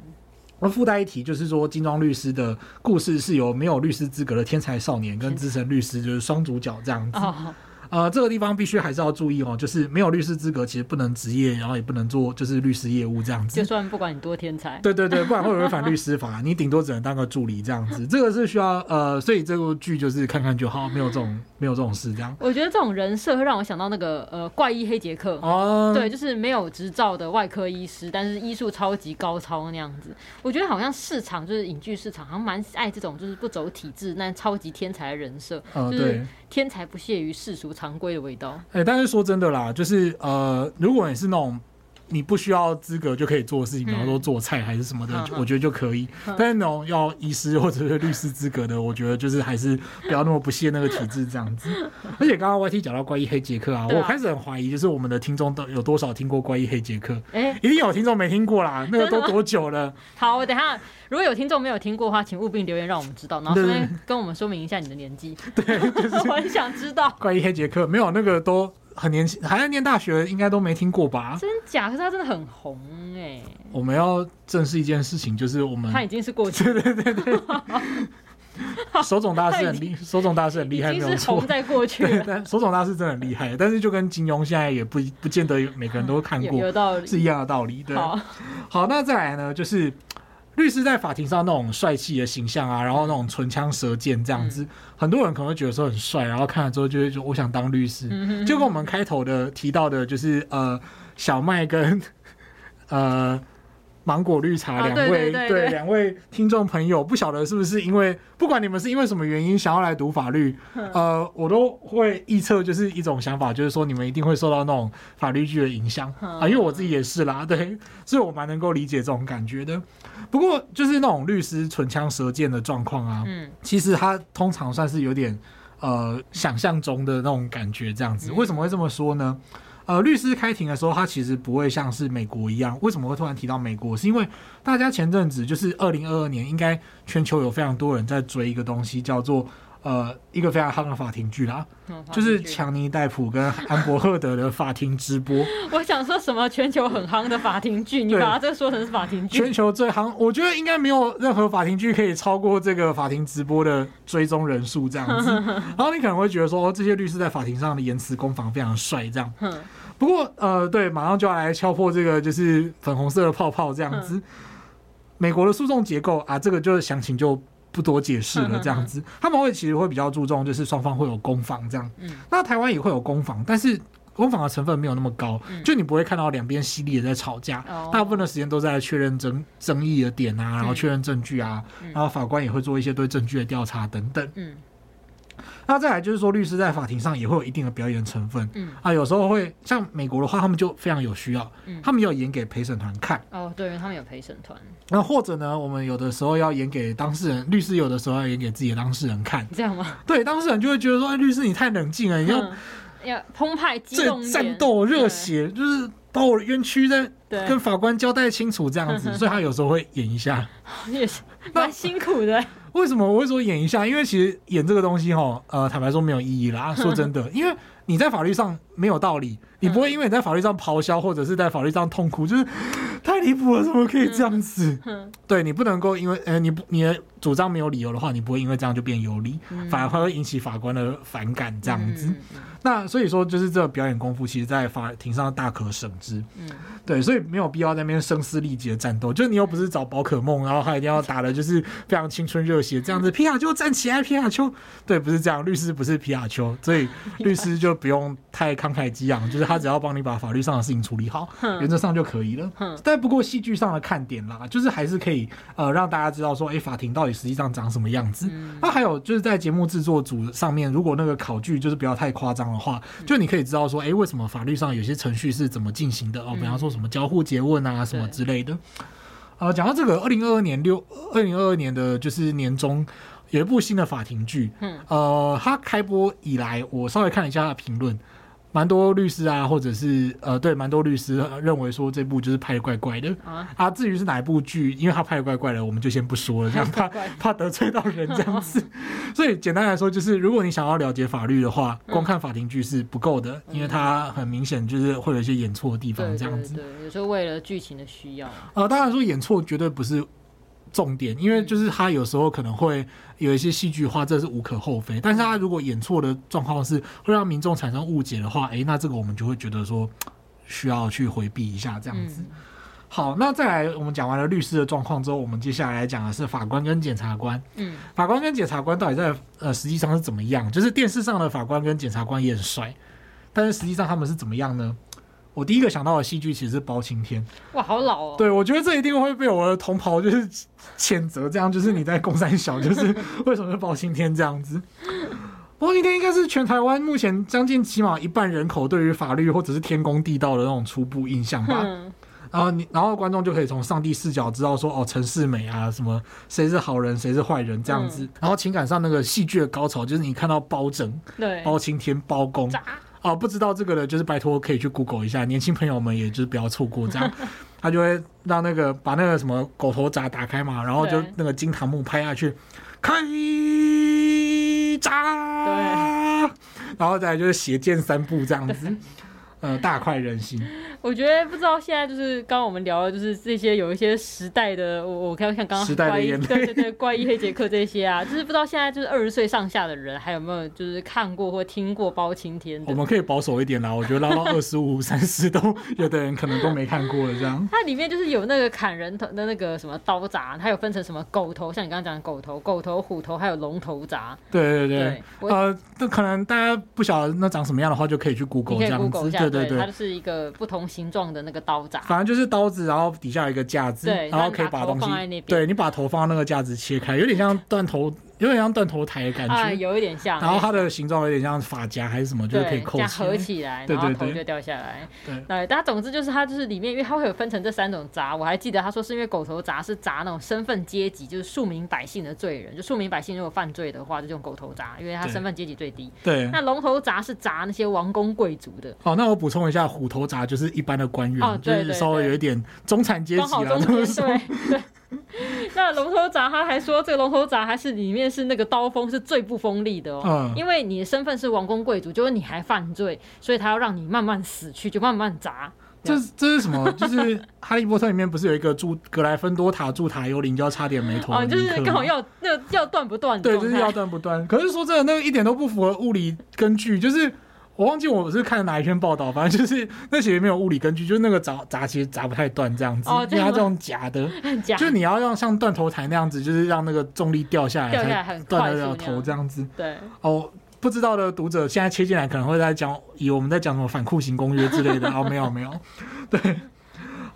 我附帶一提就是說，《金裝律師》的故事是由沒有律師資格的天才少年跟資深律師，就是雙主角這樣子。嗯哦呃，這個地方必須還是要注意哦，就是沒有律師資格，其實不能執業，然後也不能做就是律師業務這樣子。就算不管你多天才，對對對，不然會違反律師法啊。 [LAUGHS] 你頂多只能當個助理這樣子。這個是需要呃，所以這部劇就是看看就好，沒有這種沒有這種事這樣。我覺得這種人設會讓我想到那個呃怪醫黑傑克哦，嗯、對，就是沒有執照的外科醫師，但是醫術超級高超那樣子。我覺得好像市場就是影劇市場好像蠻愛這種就是不走體制，但超級天才的人設，嗯對。就是天才不屑於世俗常規的味道。哎、欸，但是說真的啦，就是呃，如果你是那種。你不需要資格就可以做事情，比方說做菜還是什麼的，我覺得就可以。但是那種要醫師或者是律師資格的，我覺得就是還是不要那麼不屑那個體制這樣子。而且剛剛 Y T 講到怪醫黑傑克啊，我開始很懷疑，就是我們的聽眾都有多少聽過怪醫黑傑克？哎，一定有聽眾沒聽過啦，那個都多久了？好，我等下如果有聽眾沒有聽過的話，請務必留言讓我們知道，然後順便跟我們說明一下你的年紀。對，我很想知道怪醫黑傑克沒有那個都。很年輕，還在念大學，應該都沒聽過吧？真假？可是他真的很紅哎、欸！我們要正視一件事情，就是我們他已經是過去，對對對對。 [LAUGHS] [LAUGHS] 手塚大師很厲，手塚大師很厲害，沒有紅在過去，手塚大師真的厲害。但是就跟金庸現在也不不見得每個人都看過，嗯、有道理，是一樣的道理。對，好，好，那再來呢？就是。律師在法庭上那種帥氣的形象啊，然後那種唇槍舌劍這樣子，嗯、很多人可能會覺得說很帥，然後看了之後就會說我想當律師。嗯、哼哼，就跟我們開頭的提到的，就是呃，小麥跟呃。芒果綠茶，兩、啊、位對，兩位聽眾朋友，不曉得是不是因為不管你們是因為什麼原因想要來讀法律，嗯、呃，我都會臆測，就是一種想法，就是說你們一定會受到那種法律劇的影響啊、嗯呃，因為我自己也是啦，對，所以我蠻能夠理解這種感覺的。不過就是那種律師唇槍舌劍的狀況啊，嗯，其實他通常算是有點呃想象中的那種感覺這樣子。為什麼會這麼說呢？嗯呃，律師開庭的時候，他其實不會像是美國一樣。為什麼會突然提到美國？是因為大家前陣子就是二零二二年，應該全球有非常多人在追一個東西，叫做呃一個非常夯的法庭劇啦，嗯、法庭劇就是強尼戴普跟安伯赫德的法庭直播。 [LAUGHS] 我想說什麼？全球很夯的法庭劇， [LAUGHS] 你把它這說成是法庭劇。全球最夯，我覺得應該沒有任何法庭劇可以超過這個法庭直播的追蹤人數這樣子。 [LAUGHS] 然後你可能會覺得說、哦，這些律師在法庭上的言辭攻防非常帥這樣。 [LAUGHS] 不過，呃，對，馬上就要來敲破這個就是粉紅色的泡泡這樣子。美國的訴訟結構啊，這個就是詳情就不多解釋了。這樣子，他們會其實會比較注重，就是雙方會有攻防這樣。那台灣也會有攻防，但是攻防的成分沒有那麼高。就你不會看到兩邊犀利的在吵架，大部分的時間都在確認爭爭議的點啊，然後確認證據啊，然後法官也會做一些對證據的調查等等。嗯。那再來就是說，律師在法庭上也會有一定的表演成分。嗯啊，有時候會像美國的話，他們就非常有需要，他們要演給陪審團看、嗯。哦、嗯，對，因為他們有陪審團。那或者呢，我們有的時候要演給當事人，律師有的時候要演給自己的當事人看，這樣嗎？對，當事人就會覺得說，哎，律師你太冷靜了，你要、嗯、要澎湃激動戰鬥熱血，對就是把我冤屈在跟法官交代清楚這樣子，對所以他有時候會演一下， [LAUGHS] 也是蠻辛苦的、欸。為什麼我會說演一下？因為其實演這個東西，哈，呃，坦白說沒有意義啦。嗯、說真的，因為你在法律上沒有道理。你不會因為你在法律上咆哮，或者是在法律上痛哭，就是太離譜了，怎麼可以這樣子？嗯嗯嗯、對，你不能夠因為呃，你不你的主張沒有理由的話，你不會因為這樣就變有理，反而會引起法官的反感這樣子。嗯、那所以說，就是這個表演功夫，其實在法庭上大可省之。嗯，對，所以沒有必要在那邊聲嘶力竭的戰鬥。嗯、就你又不是找寶可夢，然後他一定要打的就是非常青春熱血這樣子。嗯、皮卡丘，站起來，皮卡丘，對，不是這樣，律師不是皮卡丘，所以律師就不用太慷慨激昂，就是。他只要幫你把法律上的事情處理好，哼原則上就可以了。哼但不過戲劇上的看點啦，就是還是可以呃讓大家知道說，哎、欸，法庭到底實際上長什麼樣子。那、嗯啊、還有就是在節目制作組上面，如果那個考據就是不要太誇張的話，嗯、就你可以知道說，哎、欸，為什麼法律上有些程序是怎麼進行的？哦，比方說什麼交互詰問啊、嗯、什麼之類的。呃，講到這個，二零二二年六二零二二年的就是年中有一部新的法庭劇，嗯，呃，它開播以來，我稍微看一下它的評論。蠻多律師啊，或者是呃，對，蠻多律師認為說這部就是拍的怪怪的啊。啊，至於是哪一部劇，因為他拍的怪怪的，我們就先不說了，這樣怕 [LAUGHS] 怕得罪到人這樣子。 [LAUGHS] 所以簡單來說，就是如果你想要了解法律的話，嗯、光看法庭劇是不夠的，因為他很明顯就是會有一些演錯的地方這樣子。對，對，對，有時候為了劇情的需要。呃，當然說演錯絕對不是重點，因為就是他有時候可能會有一些戲劇化，這是無可厚非。但是他如果演錯的狀況是會讓民眾產生誤解的話，誒，那這個我們就會覺得說需要去迴避一下這樣子。好，那再來我們講完了律師的狀況之後，我們接下來來講的是法官跟檢察官。嗯，法官跟檢察官到底在呃實際上是怎麼樣？就是電視上的法官跟檢察官也很帥，但是實際上他們是怎麼樣呢？我第一個想到的戲劇其實是包青天，哇，好老哦。對，我覺得這一定會被我的同袍就是譴責，這樣就是你在公山小，就是為什麼是包青天這樣子？包青天應該是全台灣目前將近起碼一半人口對於法律或者是天公地道的那種初步印象吧。然後你，然後觀眾就可以從上帝視角知道說，哦，陳世美啊，什麼誰是好人誰是壞人這樣子。然後情感上那個戲劇的高潮就是你看到包拯，對，包青天，包公。哦，不知道這個的，就是拜託可以去 Google 一下，年輕朋友們也就是不要錯過這樣，他就會讓那個把那個什麼狗頭鍘打開嘛，然後就那個驚堂木拍下去，開鍘，對，炸對，然後再來就是血濺三步這樣子。 [LAUGHS] 呃，大快人心！ [LAUGHS] 我覺得不知道現在就是剛剛我們聊的就是這些有一些時代的，我我看像剛剛時代的眼淚，對對對，怪醫黑傑克這些啊， [LAUGHS] 就是不知道現在就是二十歲上下的人還有沒有就是看過或聽過包青天？我們可以保守一點啦，我覺得拉到二十五、三十都有的人可能都沒看過了這樣。 [LAUGHS] 它裡面就是有那個砍人頭的那個什麼刀鍘，它有分成什麼狗頭，像你剛剛講的狗頭、狗頭、虎頭，還有龍頭鍘。對對對，對我呃，都可能大家不曉得那長什麼樣的話，就可以去 Google 這樣子。對，它就是一個不同形狀的那個刀閘，反正就是刀子，然後底下有一個架子，對然後可以把東西，頭放在那邊，對，你把頭放在那個架子切開，有點像斷頭。 [LAUGHS] 有點像斷頭台的感覺，呃、有一點像。然後它的形狀有點像髮夾還是什麼，欸、就是可以扣起合起來，欸、然後頭就掉下來。對，對，對，對，但總之就是它就是裡面，因為它會有分成這三種鍘，我還記得他說是因為狗頭鍘是鍘那種身份階級，就是庶民百姓的罪人，就庶民百姓如果犯罪的話就用狗頭鍘，因為它身份階級最低。對，對，那龍頭鍘是鍘那些王公貴族的。好、哦，那我補充一下，虎頭鍘就是一般的官員，哦、對對對對就是稍微有一點中產階級啊， [LAUGHS] 對。 [LAUGHS] 那龍頭鍘，他還說這個龍頭鍘還是裡面是那個刀鋒是最不鋒利的哦。嗯、因為你的身份是王公貴族，就是你還犯罪，所以他要讓你慢慢死去，就慢慢鍘。這這是什麼？ [LAUGHS] 就是《哈利波特》裡面不是有一個住格萊芬多塔住塔幽靈，就要差點沒頭？啊、哦，就是剛好要那個、要斷不斷。對，就是要斷不斷。可是說真的，那個一點都不符合物理根據，就是。我忘記我是看哪一篇報道，反正就是那些沒有物理根據，就是那個砸砸其實砸不太斷這樣子，然後、哦、這種假的，假的就你要讓像斷頭台那樣子，就是讓那個重力掉下來，才斷得了頭這樣子。對，哦，不知道的讀者現在切進來可能會在講，以為我們在講什麼反酷刑公約之類的。 [LAUGHS] 哦，沒有沒有，對。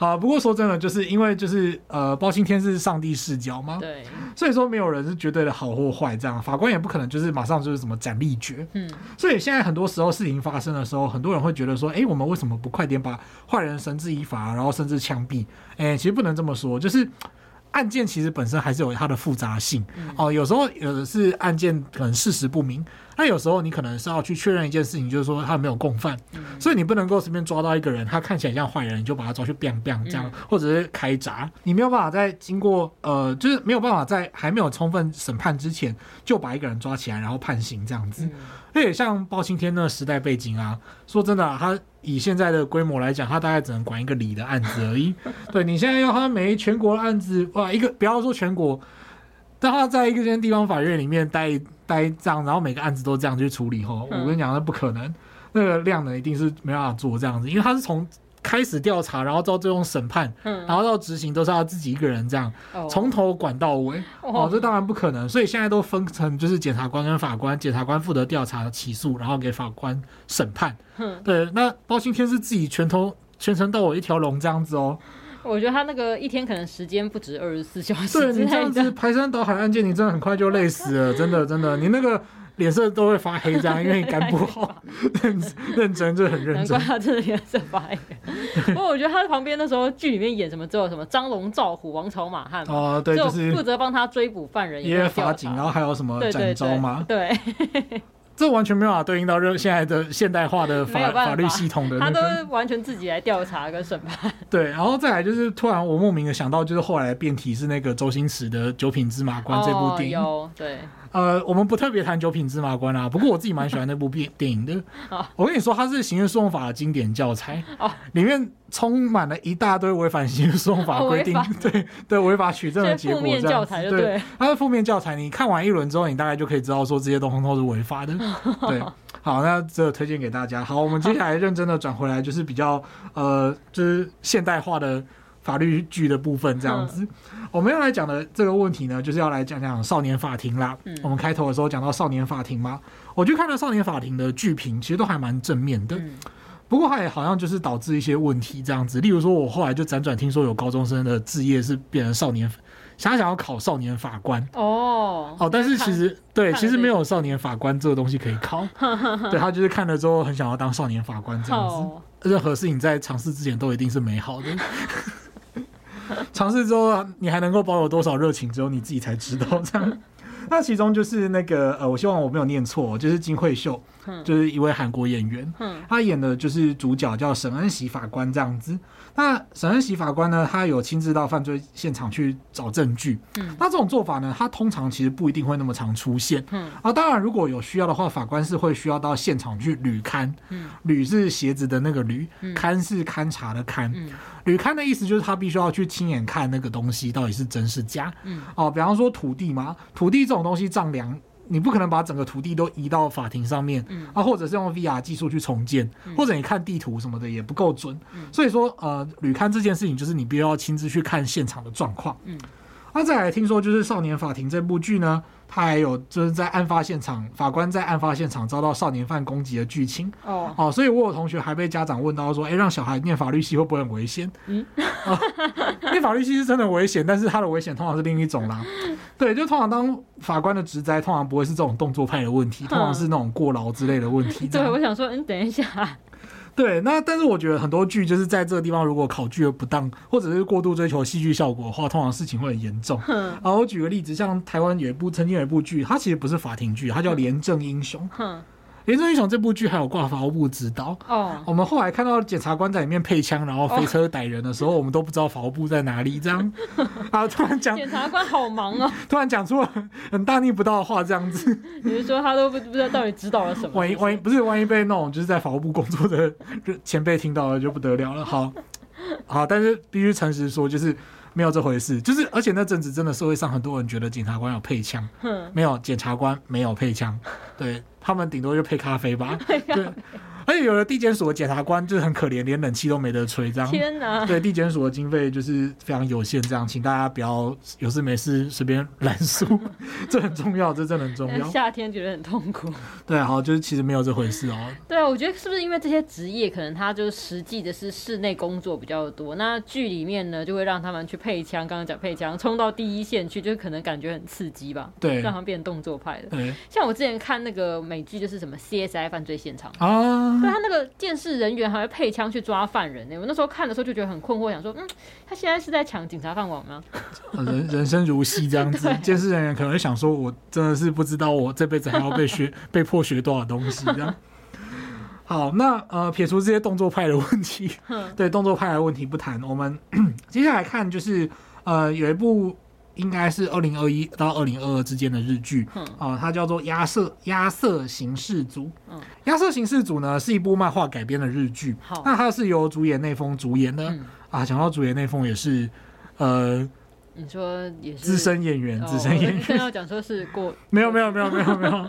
啊、呃，不過說真的，就是因為就是呃，包青天是上帝視角嘛。對，所以說沒有人是絕對的好或壞這樣，法官也不可能就是馬上就是怎麼斬立決，嗯，所以現在很多時候事情發生的時候，很多人會覺得說，哎、欸，我們為什麼不快點把壞人繩之以法，然後甚至槍斃？哎、欸，其實不能這麼說，就是。案件其實本身還是有它的複雜性哦、嗯呃，有時候有的是案件可能事實不明，那有時候你可能是要去確認一件事情，就是說他有沒有共犯，嗯、所以你不能夠隨便抓到一個人，他看起來像壞人，你就把他抓去斃斃這樣，嗯、或者是開閘，你沒有辦法在經過呃，就是沒有辦法在還沒有充分審判之前就把一個人抓起來然後判刑這樣子。嗯對、hey, 像包青天那個時代背景啊，說真的，他以現在的規模來講他大概只能管一個里的案子而已。 [LAUGHS] 對，你現在要他每全國的案子，哇，一個不要說全國，但他在一個間地方法院裡面待待這樣，然後每個案子都這樣去處理，吼，我跟你講，那不可能，那個量呢，一定是沒辦法做這樣子，因為他是從。開始調查，然後到最終審判，嗯、然後到執行都是他自己一個人這樣，從、哦、頭管到尾，哦，哦，這當然不可能，所以現在都分成就是檢察官跟法官，檢察官負責調查起訴，然後給法官審判。嗯，對，那包青天是自己全頭全程到尾一條龍這樣子哦。我覺得他那個一天可能時間不止二十四小時。對，你這樣子排山倒海案件，你真的很快就累死了，真的、嗯、真的，真的嗯、你那個。臉色都會發黑，這樣，因為你肝不好，認認真就很認真。難怪他真的臉色發黑。 [LAUGHS] 不過我覺得他在旁邊那時候劇裡面演什麼，之後什麼張龍趙虎、王朝馬漢哦，對，就是負責幫他追捕犯人，因為法警，然後還有什麼展昭嗎對對對？對， [LAUGHS] 這完全沒有辦法對應到熱現在的現代化的法 [LAUGHS] 法,法律系統的、那個。他都是完全自己來調查跟審判。對，然後再來就是突然我莫名的想到，就是後來辯題是那個周星馳的《九品芝麻官》哦、這部電影，有對。呃，我們不特別談《九品芝麻官》啊，不過我自己蠻喜歡那部電電影的。 [LAUGHS] 好我跟你說，它是刑事訴訟法的經典教材， [LAUGHS] 哦、裡面充滿了一大堆違反刑事訴訟法規定，對 [LAUGHS] 法對，違法取證的結果這 [LAUGHS] 面教材對，對，它是負面教材。你看完一輪之後，你大概就可以知道說這些東西都通通是違法的。對， [LAUGHS] 好，那這推薦給大家。好，我們接下來認真的轉回來，就是比較 [LAUGHS] 呃，就是現代化的。法律劇的部分這樣子，我們要來講的這個問題呢，就是要來講講少年法庭啦。我們開頭的時候講到少年法庭嘛，我就看到少年法庭的劇評，其實都還蠻正面的。不過他也好像就是導致一些問題這樣子，例如說，我後來就輾轉聽說有高中生的志業是變成少年，想想要考少年法官哦哦，但是其實對，其實沒有少年法官這個東西可以考。對，他就是看了之後很想要當少年法官這樣子。任何事情在嘗試之前都一定是美好的。嘗試 [LAUGHS] 之後，你還能夠保有多少熱情，只有你自己才知道。這樣，那其中就是那個呃，我希望我沒有念錯，就是金惠秀，就是一位韓國演員，他演的就是主角叫沈恩喜法官這樣子。那沈恩喜法官呢，他有親自到犯罪現場去找證據。嗯，那這種做法呢，他通常其實不一定會那麼常出現。嗯啊，當然如果有需要的話，法官是會需要到現場去履勘。嗯，履是鞋子的那個履，勘是勘察的勘。嗯，履勘的意思就是他必須要去親眼看那個東西到底是真是假。啊嗯。嗯啊，比方說土地嘛，土地這種東西丈量。你不可能把整個土地都移到法庭上面，啊，或者是用 VR 技術去重建，或者你看地圖什麼的也不夠準，所以說，呃，履勘這件事情就是你必須要親自去看現場的狀況。那、啊、再來聽說，就是《少年法庭》這部劇呢，它還有就是在案發現場，法官在案發現場遭到少年犯攻擊的劇情。哦哦、oh. 啊，所以我有同學還被家長問到說：“哎，讓小孩念法律系會不會很危險？”嗯、 [LAUGHS] 啊，念法律系是真的危險，但是它的危險通常是另一種啦。 [LAUGHS] 對，就通常當法官的職災，通常不會是這種動作派的問題，通常是那種過勞之類的問題。 [LAUGHS] 對，我想說，嗯，等一下。對，那但是我覺得很多劇就是在這個地方，如果考據的不當，或者是過度追求戲劇效果的話，通常事情會很嚴重。呵然後我舉個例子，像台灣有一部曾經有一部劇，它其實不是法庭劇，它叫《廉政英雄》。《廉政英雄》這部劇還有掛法務部指導哦。我們後來看到檢察官在裡面配槍，然後飛車逮人的時候，我們都不知道法務部在哪裡。這樣啊，突然講檢察官好忙啊，突然講出很大逆不道的話，這樣子。你是說他都不不知道到底指導了什麼？萬一萬一不是，萬一被那種就是在法務部工作的前輩聽到了，就不得了了。好，好，但是必須誠實說，就是沒有這回事。就是而且那陣子，真的社會上很多人覺得檢察官有配槍，沒有，檢察官沒有配槍，對。他們頂多就配咖啡吧。對。所以有了地檢署的檢察官就是很可憐，連冷氣都沒得吹這樣。天哪！對，地檢署的經費就是非常有限這樣，請大家不要有事沒事隨便濫訴， [LAUGHS] [LAUGHS] 這很重要，這真的很重要。夏天覺得很痛苦。對，好，就是其實沒有這回事哦、喔。對啊，我覺得是不是因為這些職業可能他就實際的是室內工作比較多，那劇裡面呢就會讓他們去配槍，剛剛講配槍，衝到第一線去，就是可能感覺很刺激吧？對，讓他們變成動作派的。對像我之前看那個美劇就是什麼 CSI 犯罪現場啊。所以 [NOISE] 他那個監視人員還會配槍去抓犯人呢，我們那時候看的時候就覺得很困惑，想說，嗯，他現在是在搶警察飯碗嗎？人？人人生如戲這樣子，監 [LAUGHS] 對 視人員可能會想說，我真的是不知道我這輩子還要被學 [LAUGHS] 被迫學多少東西這樣。好，那呃，撇除這些動作派的問題， [LAUGHS] 對動作派的問題不談，我們接下來看就是呃，有一部。應該是二零二一到二零二二之間的日劇，啊，它叫做《鴉色鴉色刑事組》。《鴉色刑事組》呢，是一部漫畫改編的日劇。好，那它是由竹野內豐主演的啊。講到竹野內豐也是，呃，你說也是資深演員，資深演員。現講說是過，沒有沒有沒有沒有沒有。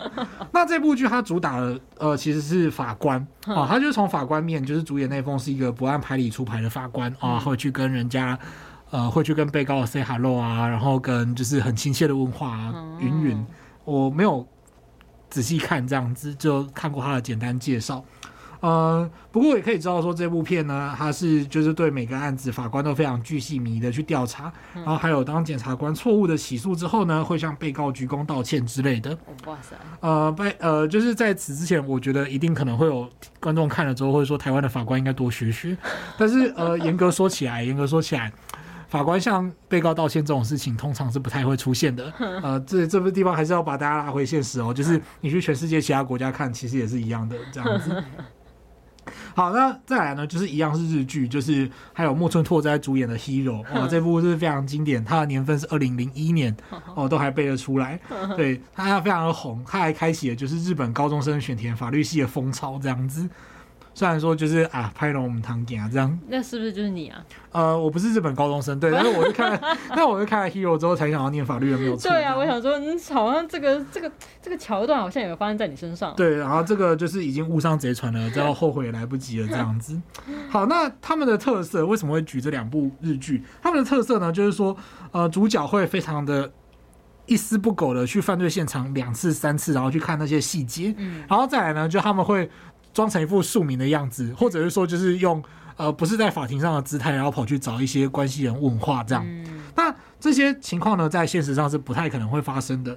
那這部劇它主打的呃其實是法官啊，他就是從法官面，就是竹野內豐是一個不按牌理出牌的法官啊，會去跟人家。呃，會去跟被告 say hello 啊，然後跟就是很親切的問話啊，嗯、云云。我沒有仔細看這樣子，就看過他的簡單介紹。呃，不過也可以知道說這部片呢，他是就是對每個案子法官都非常巨細靡的去調查，嗯、然後還有當檢察官錯誤的起訴之後呢，會向被告鞠躬道歉之類的。哇塞！呃，被呃，就是在此之前，我覺得一定可能會有觀眾看了之後，會說台灣的法官應該多學學。但是呃， [LAUGHS] 嚴格說起來，嚴格說起來。法官向被告道歉這種事情，通常是不太會出現的。呃，這這個地方還是要把大家拉回現實哦、喔。就是你去全世界其他國家看，其實也是一樣的這樣子。好，那再來呢，就是一樣是日劇，就是還有木村拓哉主演的《Hero》啊、呃，這部是非常經典，它的年份是二零零一年哦、呃，都還背得出來。對，它非常的紅，它還開啟了就是日本高中生選填法律系的風潮這樣子。雖然說就是啊，拍了我們堂姐啊這樣，那是不是就是你啊？呃，我不是日本高中生，對，但是我就看，那 [LAUGHS] 我就看了《Hero》之後才想要念法律的，沒有錯。對啊，樣我想說、嗯，好像這個這個這個橋段好像也發生在你身上。對，然後這個就是已經誤上賊船了，然後後悔也來不及了這樣子。 [LAUGHS] 好，那他們的特色為什麼會舉這兩部日劇？他們的特色呢，就是說，呃，主角會非常的一絲不苟的去犯罪現場兩次、三次，然後去看那些細節。嗯，然後再來呢，就他們會。裝成一副庶民的樣子，或者是說，就是用呃，不是在法庭上的姿態，然後跑去找一些關係人問話，這樣。嗯、那這些情況呢，在現實上是不太可能會發生的。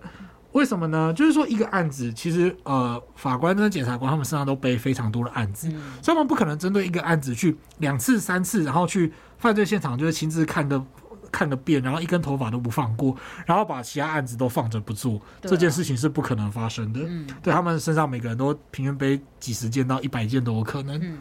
為什麼呢？就是說，一個案子，其實呃，法官跟檢察官他們身上都背非常多的案子，嗯、所以我們不可能針對一個案子去兩次、三次，然後去犯罪現場就是親自看的。看個遍，然後一根頭髮都不放過，然後把其他案子都放着不做，啊、這件事情是不可能發生的。嗯、對，他們身上每個人都平均背幾十件到一百件都有可能。嗯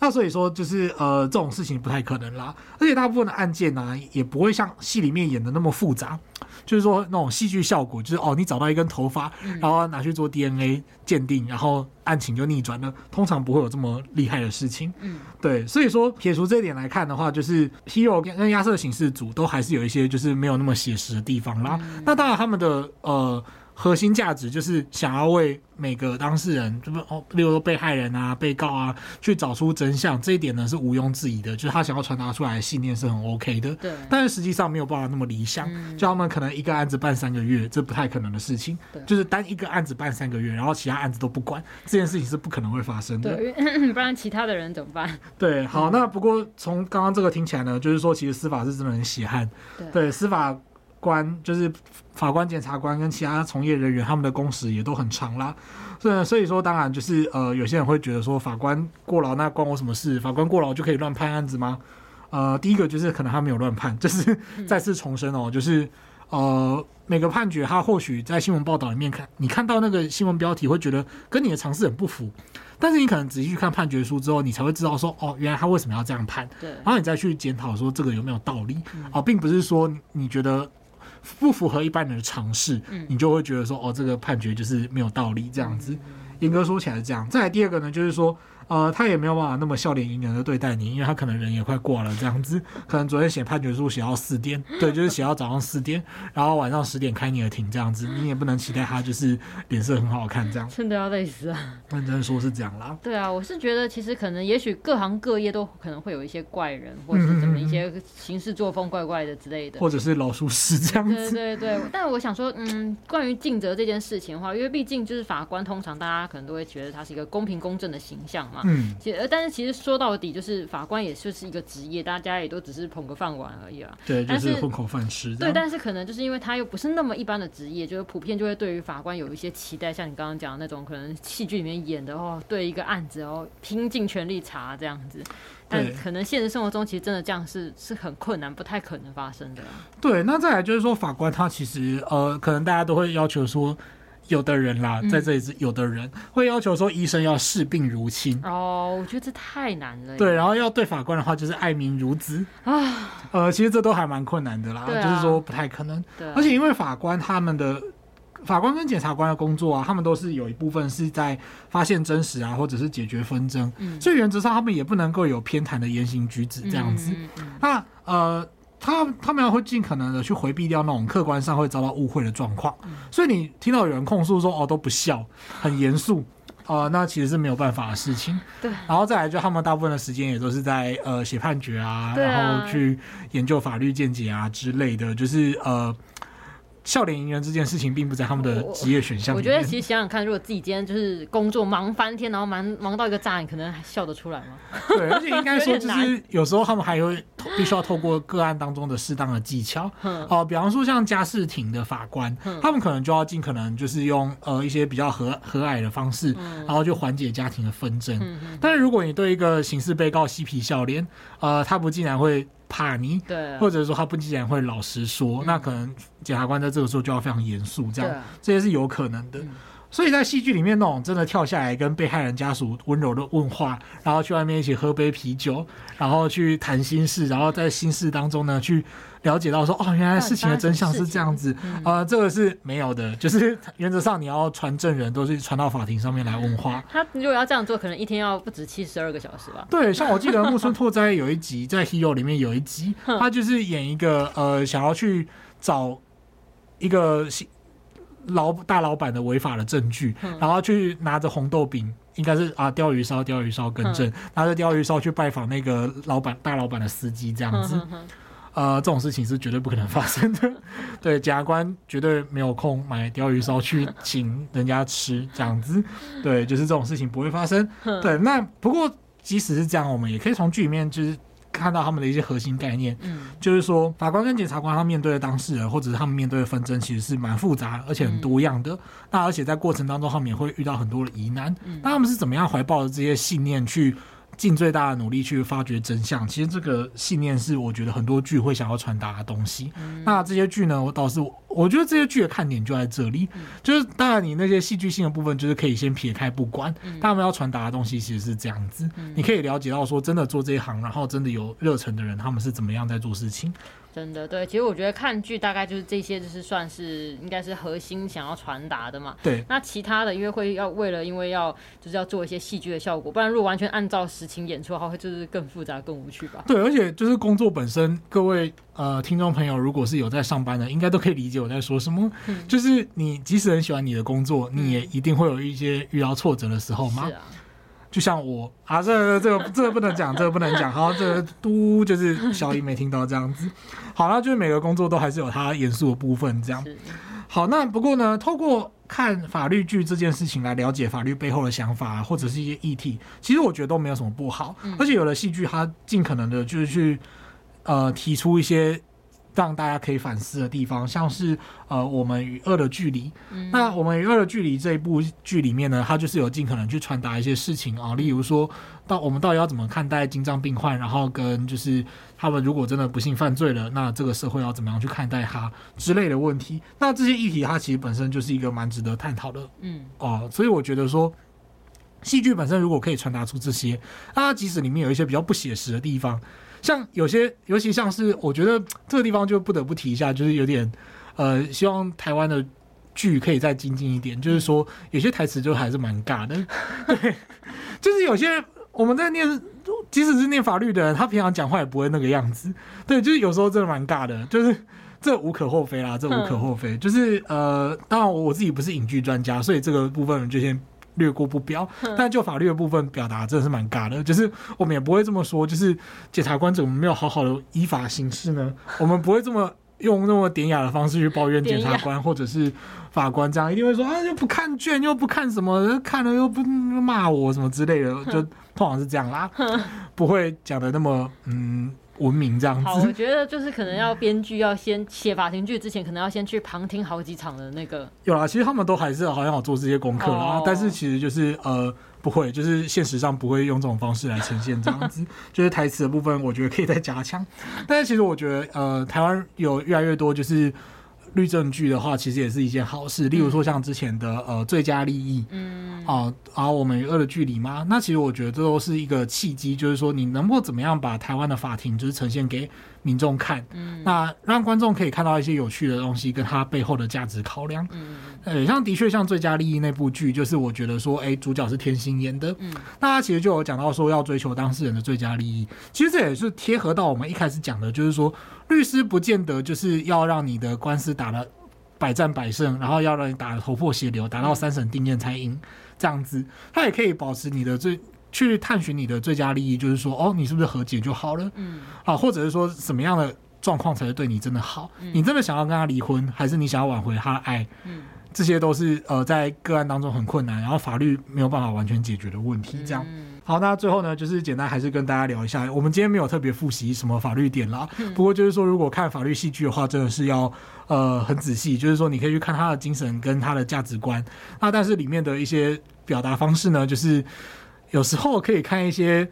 那所以說，就是呃，這種事情不太可能啦。而且大部分的案件呢、啊，也不會像戲裡面演的那麼複雜。就是說，那種戲劇效果，就是哦，你找到一根頭髮，然後拿去做 DNA 鑑定，然後案情就逆轉了。通常不會有這麼厲害的事情。對。所以說，撇除這一點來看的話，就是 Hero 跟鴉色刑事組都還是有一些就是沒有那麼寫實的地方啦。那當然，他們的呃。核心價值就是想要為每個當事人，就，哦，例如說被害人啊、被告啊，去找出真相。這一點呢是毋庸置疑的，就是他想要傳達出來的信念是很 OK 的。對，但是實際上沒有辦法那麼理想，嗯，就他們可能一個案子辦三個月，這不太可能的事情。對，就是單一個案子辦三個月，然後其他案子都不管，這件事情是不可能會發生的。對，呵呵，不然其他的人怎麼辦？對，好，嗯，那不過從剛剛這個聽起來呢，就是說其實司法是真的很血汗。對，對，司法官就是法官、檢察官跟其他從業人員，他們的工時也都很長啦。所以，所以說當然就是呃，有些人會覺得說法官過勞，那關我什麼事？法官過勞就可以亂判案子嗎？呃，第一個就是可能他沒有亂判，就是再次重申哦，就是呃，每個判決他或許在新聞報道裡面看，你看到那個新聞標題會覺得跟你的常識很不符，但是你可能仔細去看判決書之後，你才會知道說哦，原來他為什麼要這樣判。對，然後你再去檢討說這個有沒有道理？哦，並不是說你覺得。不符合一般人的常識，嗯、你就會覺得說，哦，這個判決就是沒有道理這樣子。嚴、嗯、格說起來是這樣。再來第二個呢，就是說。呃，他也沒有辦法那麼笑臉盈盈的對待你，因為他可能人也快掛了這樣子，可能昨天寫判決書寫到四點，對，就是寫到早上四點，然後晚上十點開你的庭這樣子，你也不能期待他就是臉色很好看這樣，真的要累死啊！認真說是這樣啦。對啊，我是覺得其實可能也許各行各業都可能會有一些怪人，或者是怎麼一些行事作風怪怪的之類的，或者是老鼠屎這樣子。對對對，但我想說，嗯，關於盡責這件事情的話，因為畢竟就是法官通常大家可能都會覺得他是一個公平公正的形象。嗯，其實但是其實說到底，就是法官也就是一個職業，大家也都只是捧個飯碗而已啊。對，是就是混口飯吃。對，但是可能就是因為他又不是那麼一般的職業，就是普遍就會對於法官有一些期待，像你剛剛講的那種，可能戲劇裡面演的哦，對一個案子哦，拼盡全力查這樣子。但可能現實生活中，其實真的這樣是是很困難，不太可能發生的啊。對，那再來就是說法官他其實呃，可能大家都會要求說，有的人啦，在這裡是有的人、嗯、會要求說，醫生要視病如親哦，我覺得這太難了。對，然後要對法官的話，就是愛民如子啊，呃，其實這都還蠻困難的啦，啊、就是說不太可能。對，而且因為法官他們的法官跟檢察官的工作啊，他們都是有一部分是在發現真實啊，或者是解決紛爭，嗯、所以原則上他們也不能夠有偏袒的言行舉止這樣子。那、嗯嗯嗯嗯啊、呃。他他們也會盡可能的去回避掉那種客觀上會遭到誤會的狀況，所以你聽到有人控訴說哦，都不笑，很嚴肅，呃，那其實是沒有辦法的事情。對，然後再來就他們大部分的時間也都是在呃寫判決啊，然後去研究法律見解啊之類的，就是呃。笑臉迎人這件事情並不在他們的職業選項。我覺得其實想想看，如果自己今天就是工作忙翻天，然後忙忙到一個炸，你可能還笑得出來嗎？對，而且應該說就是有時候他們還會必須要透過個案當中的適當的技巧，哦，比方說像家事庭的法官，他們可能就要盡可能就是用呃一些比較和和藹的方式，然後就緩解家庭的紛爭。但是如果你對一個刑事被告嬉皮笑臉，呃，他不竟然會怕你，對啊，或者說他不僅僅會老實說。嗯、那可能檢察官在這個時候就要非常嚴肅這樣，啊，這些是有可能的。嗯所以在戲劇裡面，那種真的跳下來跟被害人家屬溫柔的問話，然後去外面一起喝杯啤酒，然後去談心事，然後在心事當中呢，去了解到說，哦，原來事情的真相是這樣子，呃，這個是沒有的，就是原則上你要傳證人，都是傳到法庭上面來問話。他如果要這樣做，可能一天要不止七十二個小時吧。對，像我記得木村拓哉有一集 [LAUGHS] 在《Hero》裡面有一集，他就是演一個呃，想要去找一個。老大老闆的違法的證據，然後去拿着紅豆餅，應該是啊，鯛魚燒，鯛魚燒更正，拿着鯛魚燒去拜訪那個老闆大老闆的司機這樣子，呃，這種事情是絕對不可能發生的，對，檢察官絕對沒有空買鯛魚燒去請人家吃這樣子，對，就是這種事情不會發生，對，那不過即使是這樣，我們也可以從劇裡面就是。看到他們的一些核心概念，嗯，就是說法官跟檢察官，他們面對的當事人，或者是他們面對的紛爭，其實是蠻複雜而且很多樣的。那而且在過程當中，他們也會遇到很多的疑難。那他們是怎麼樣懷抱著這些信念去，盡最大的努力去發掘真相，其實這個信念是我覺得很多劇會想要傳達的東西。那這些劇呢，我倒是，我覺得這些劇的看點就在這裡，就是當然你那些戲劇性的部分，就是可以先撇開不管。他們要傳達的東西其實是這樣子，你可以了解到說，真的做這一行，然後真的有熱忱的人，他們是怎麼樣在做事情。真的對，其實我覺得看劇大概就是這些，就是算是應該是核心想要傳達的嘛。對，那其他的因為會要為了，因為要就是要做一些戲劇的效果，不然如果完全按照實情演出的話，會就是更複雜更無趣吧。對，而且就是工作本身，各位呃聽眾朋友，如果是有在上班的，應該都可以理解我在說什麼。嗯，就是你即使很喜歡你的工作，你也一定會有一些遇到挫折的時候嘛。是啊。就像我啊，這個、這個、這個不能講， [LAUGHS] 這個不能講。好，這都就是小李沒聽到這樣子。好了，那就是每個工作都還是有他嚴肅的部分這樣。好，那不過呢，透過看法律劇這件事情來了解法律背後的想法或者是一些議題，其實我覺得都沒有什麼不好。嗯、而且有的戲劇，它盡可能的就是去呃提出一些。讓大家可以反思的地方，像是呃，我們與惡的距離。嗯、那我們與惡的距離這一部劇裡面呢，它就是有盡可能去傳達一些事情啊，例如說到我們到底要怎麼看待精神病患，然後跟就是他們如果真的不幸犯罪了，那這個社會要怎麼樣去看待他之類的問題。那這些議題它其實本身就是一個蠻值得探討的，嗯，哦，所以我覺得說，戲劇本身如果可以傳達出這些，啊，即使裡面有一些比較不寫實的地方。像有些，尤其像是我覺得這個地方就不得不提一下，就是有點，呃，希望台灣的劇可以再精進一點。就是說，有些台詞就還是蠻尬的， [LAUGHS] 對，就是有些我們在念，即使是念法律的人，他平常講話也不會那個樣子，對，就是有時候真的蠻尬的，就是這無可厚非啦，這無可厚非，就是呃，當然我我自己不是影劇專家，所以這個部分就先。略過不表，但就法律的部分表達真的是蠻尬的。哼就是我們也不會這麼說，就是檢察官怎麼沒有好好的依法行事呢？ [LAUGHS] 我們不會這麼用那麼典雅的方式去抱怨檢察官雅或者是法官，這樣一定會說啊，又不看卷，又不看什麼，又看了又不罵我什麼之類的，哼就通常是這樣啦，哼不會講得那麼嗯。文明這樣子，好，我覺得就是可能要編劇要先寫法庭劇之前，可能要先去旁聽好幾場的那個。有啦，其實他們都還是好像有做這些功課啦，oh. 但是其實就是呃不會，就是現實上不會用這種方式來呈現這樣子， [LAUGHS] 就是台詞的部分，我覺得可以再加強。但是其實我覺得呃，台灣有越來越多就是。律政劇的話，其實也是一件好事。嗯、例如說，像之前的呃最佳利益，嗯啊，啊啊，我們與惡的距離嗎？那其實我覺得這都是一個契機，就是說你能夠怎麼樣把台灣的法庭就是呈現給。民眾看，嗯，那讓觀眾可以看到一些有趣的東西，跟他背後的價值考量，嗯，呃、欸，像的確像最佳利益那部劇，就是我覺得說，哎、欸，主角是天心演的，嗯，那他其實就有講到說要追求當事人的最佳利益，其實這也是貼合到我們一開始講的，就是說律師不見得就是要讓你的官司打了百戰百勝，然後要讓你打頭破血流，打到三審定讞才贏、嗯、這樣子，他也可以保持你的最。去探尋你的最佳利益，就是說，哦，你是不是和解就好了？嗯，好、啊，或者是說，什麼樣的狀況才是對你真的好？嗯、你真的想要跟他離婚，還是你想要挽回他的愛？嗯，這些都是呃，在個案當中很困難，然後法律沒有辦法完全解決的問題。這樣，嗯、好，那最後呢，就是簡單還是跟大家聊一下，我們今天沒有特別複習什麼法律點啦。不過就是說，如果看法律戲劇的話，真的是要呃很仔細。就是說，你可以去看他的精神跟他的價值觀，那但是裡面的一些表達方式呢，就是。有時候可以看一些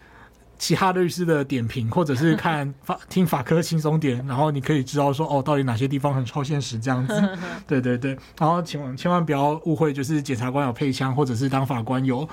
其他律師的點評，或者是看法聽法科輕鬆點，然後你可以知道說，哦，到底哪些地方很超現實這樣子。對對對，然後千萬千萬不要誤會，就是檢察官有配槍，或者是當法官有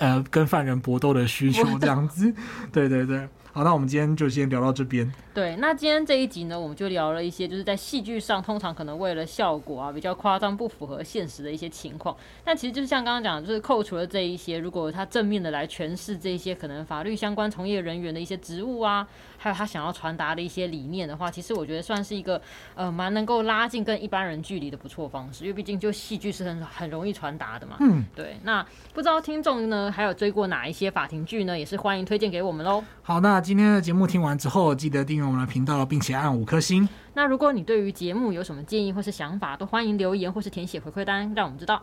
呃跟犯人搏鬥的需求這樣子。對對對。好，那我們今天就先聊到這邊。對，那今天這一集呢，我們就聊了一些，就是在戲劇上通常可能為了效果啊，比較誇張、不符合現實的一些情況。但其實就是像剛剛講，就是扣除了這一些，如果他正面的來詮釋這一些可能法律相關從業人員的一些職務啊。還有他想要傳達的一些理念的話，其實我覺得算是一個呃蠻能夠拉近跟一般人距離的不錯方式，因為畢竟就戲劇是很很容易傳達的嘛。嗯，對。那不知道聽眾呢，還有追過哪一些法庭劇呢？也是歡迎推薦給我們嘍。好，那今天的節目聽完之後，記得訂閱我們的頻道，並且按五顆星。那如果你對於節目有什麼建議或是想法，都歡迎留言或是填寫回饋單，讓我們知道。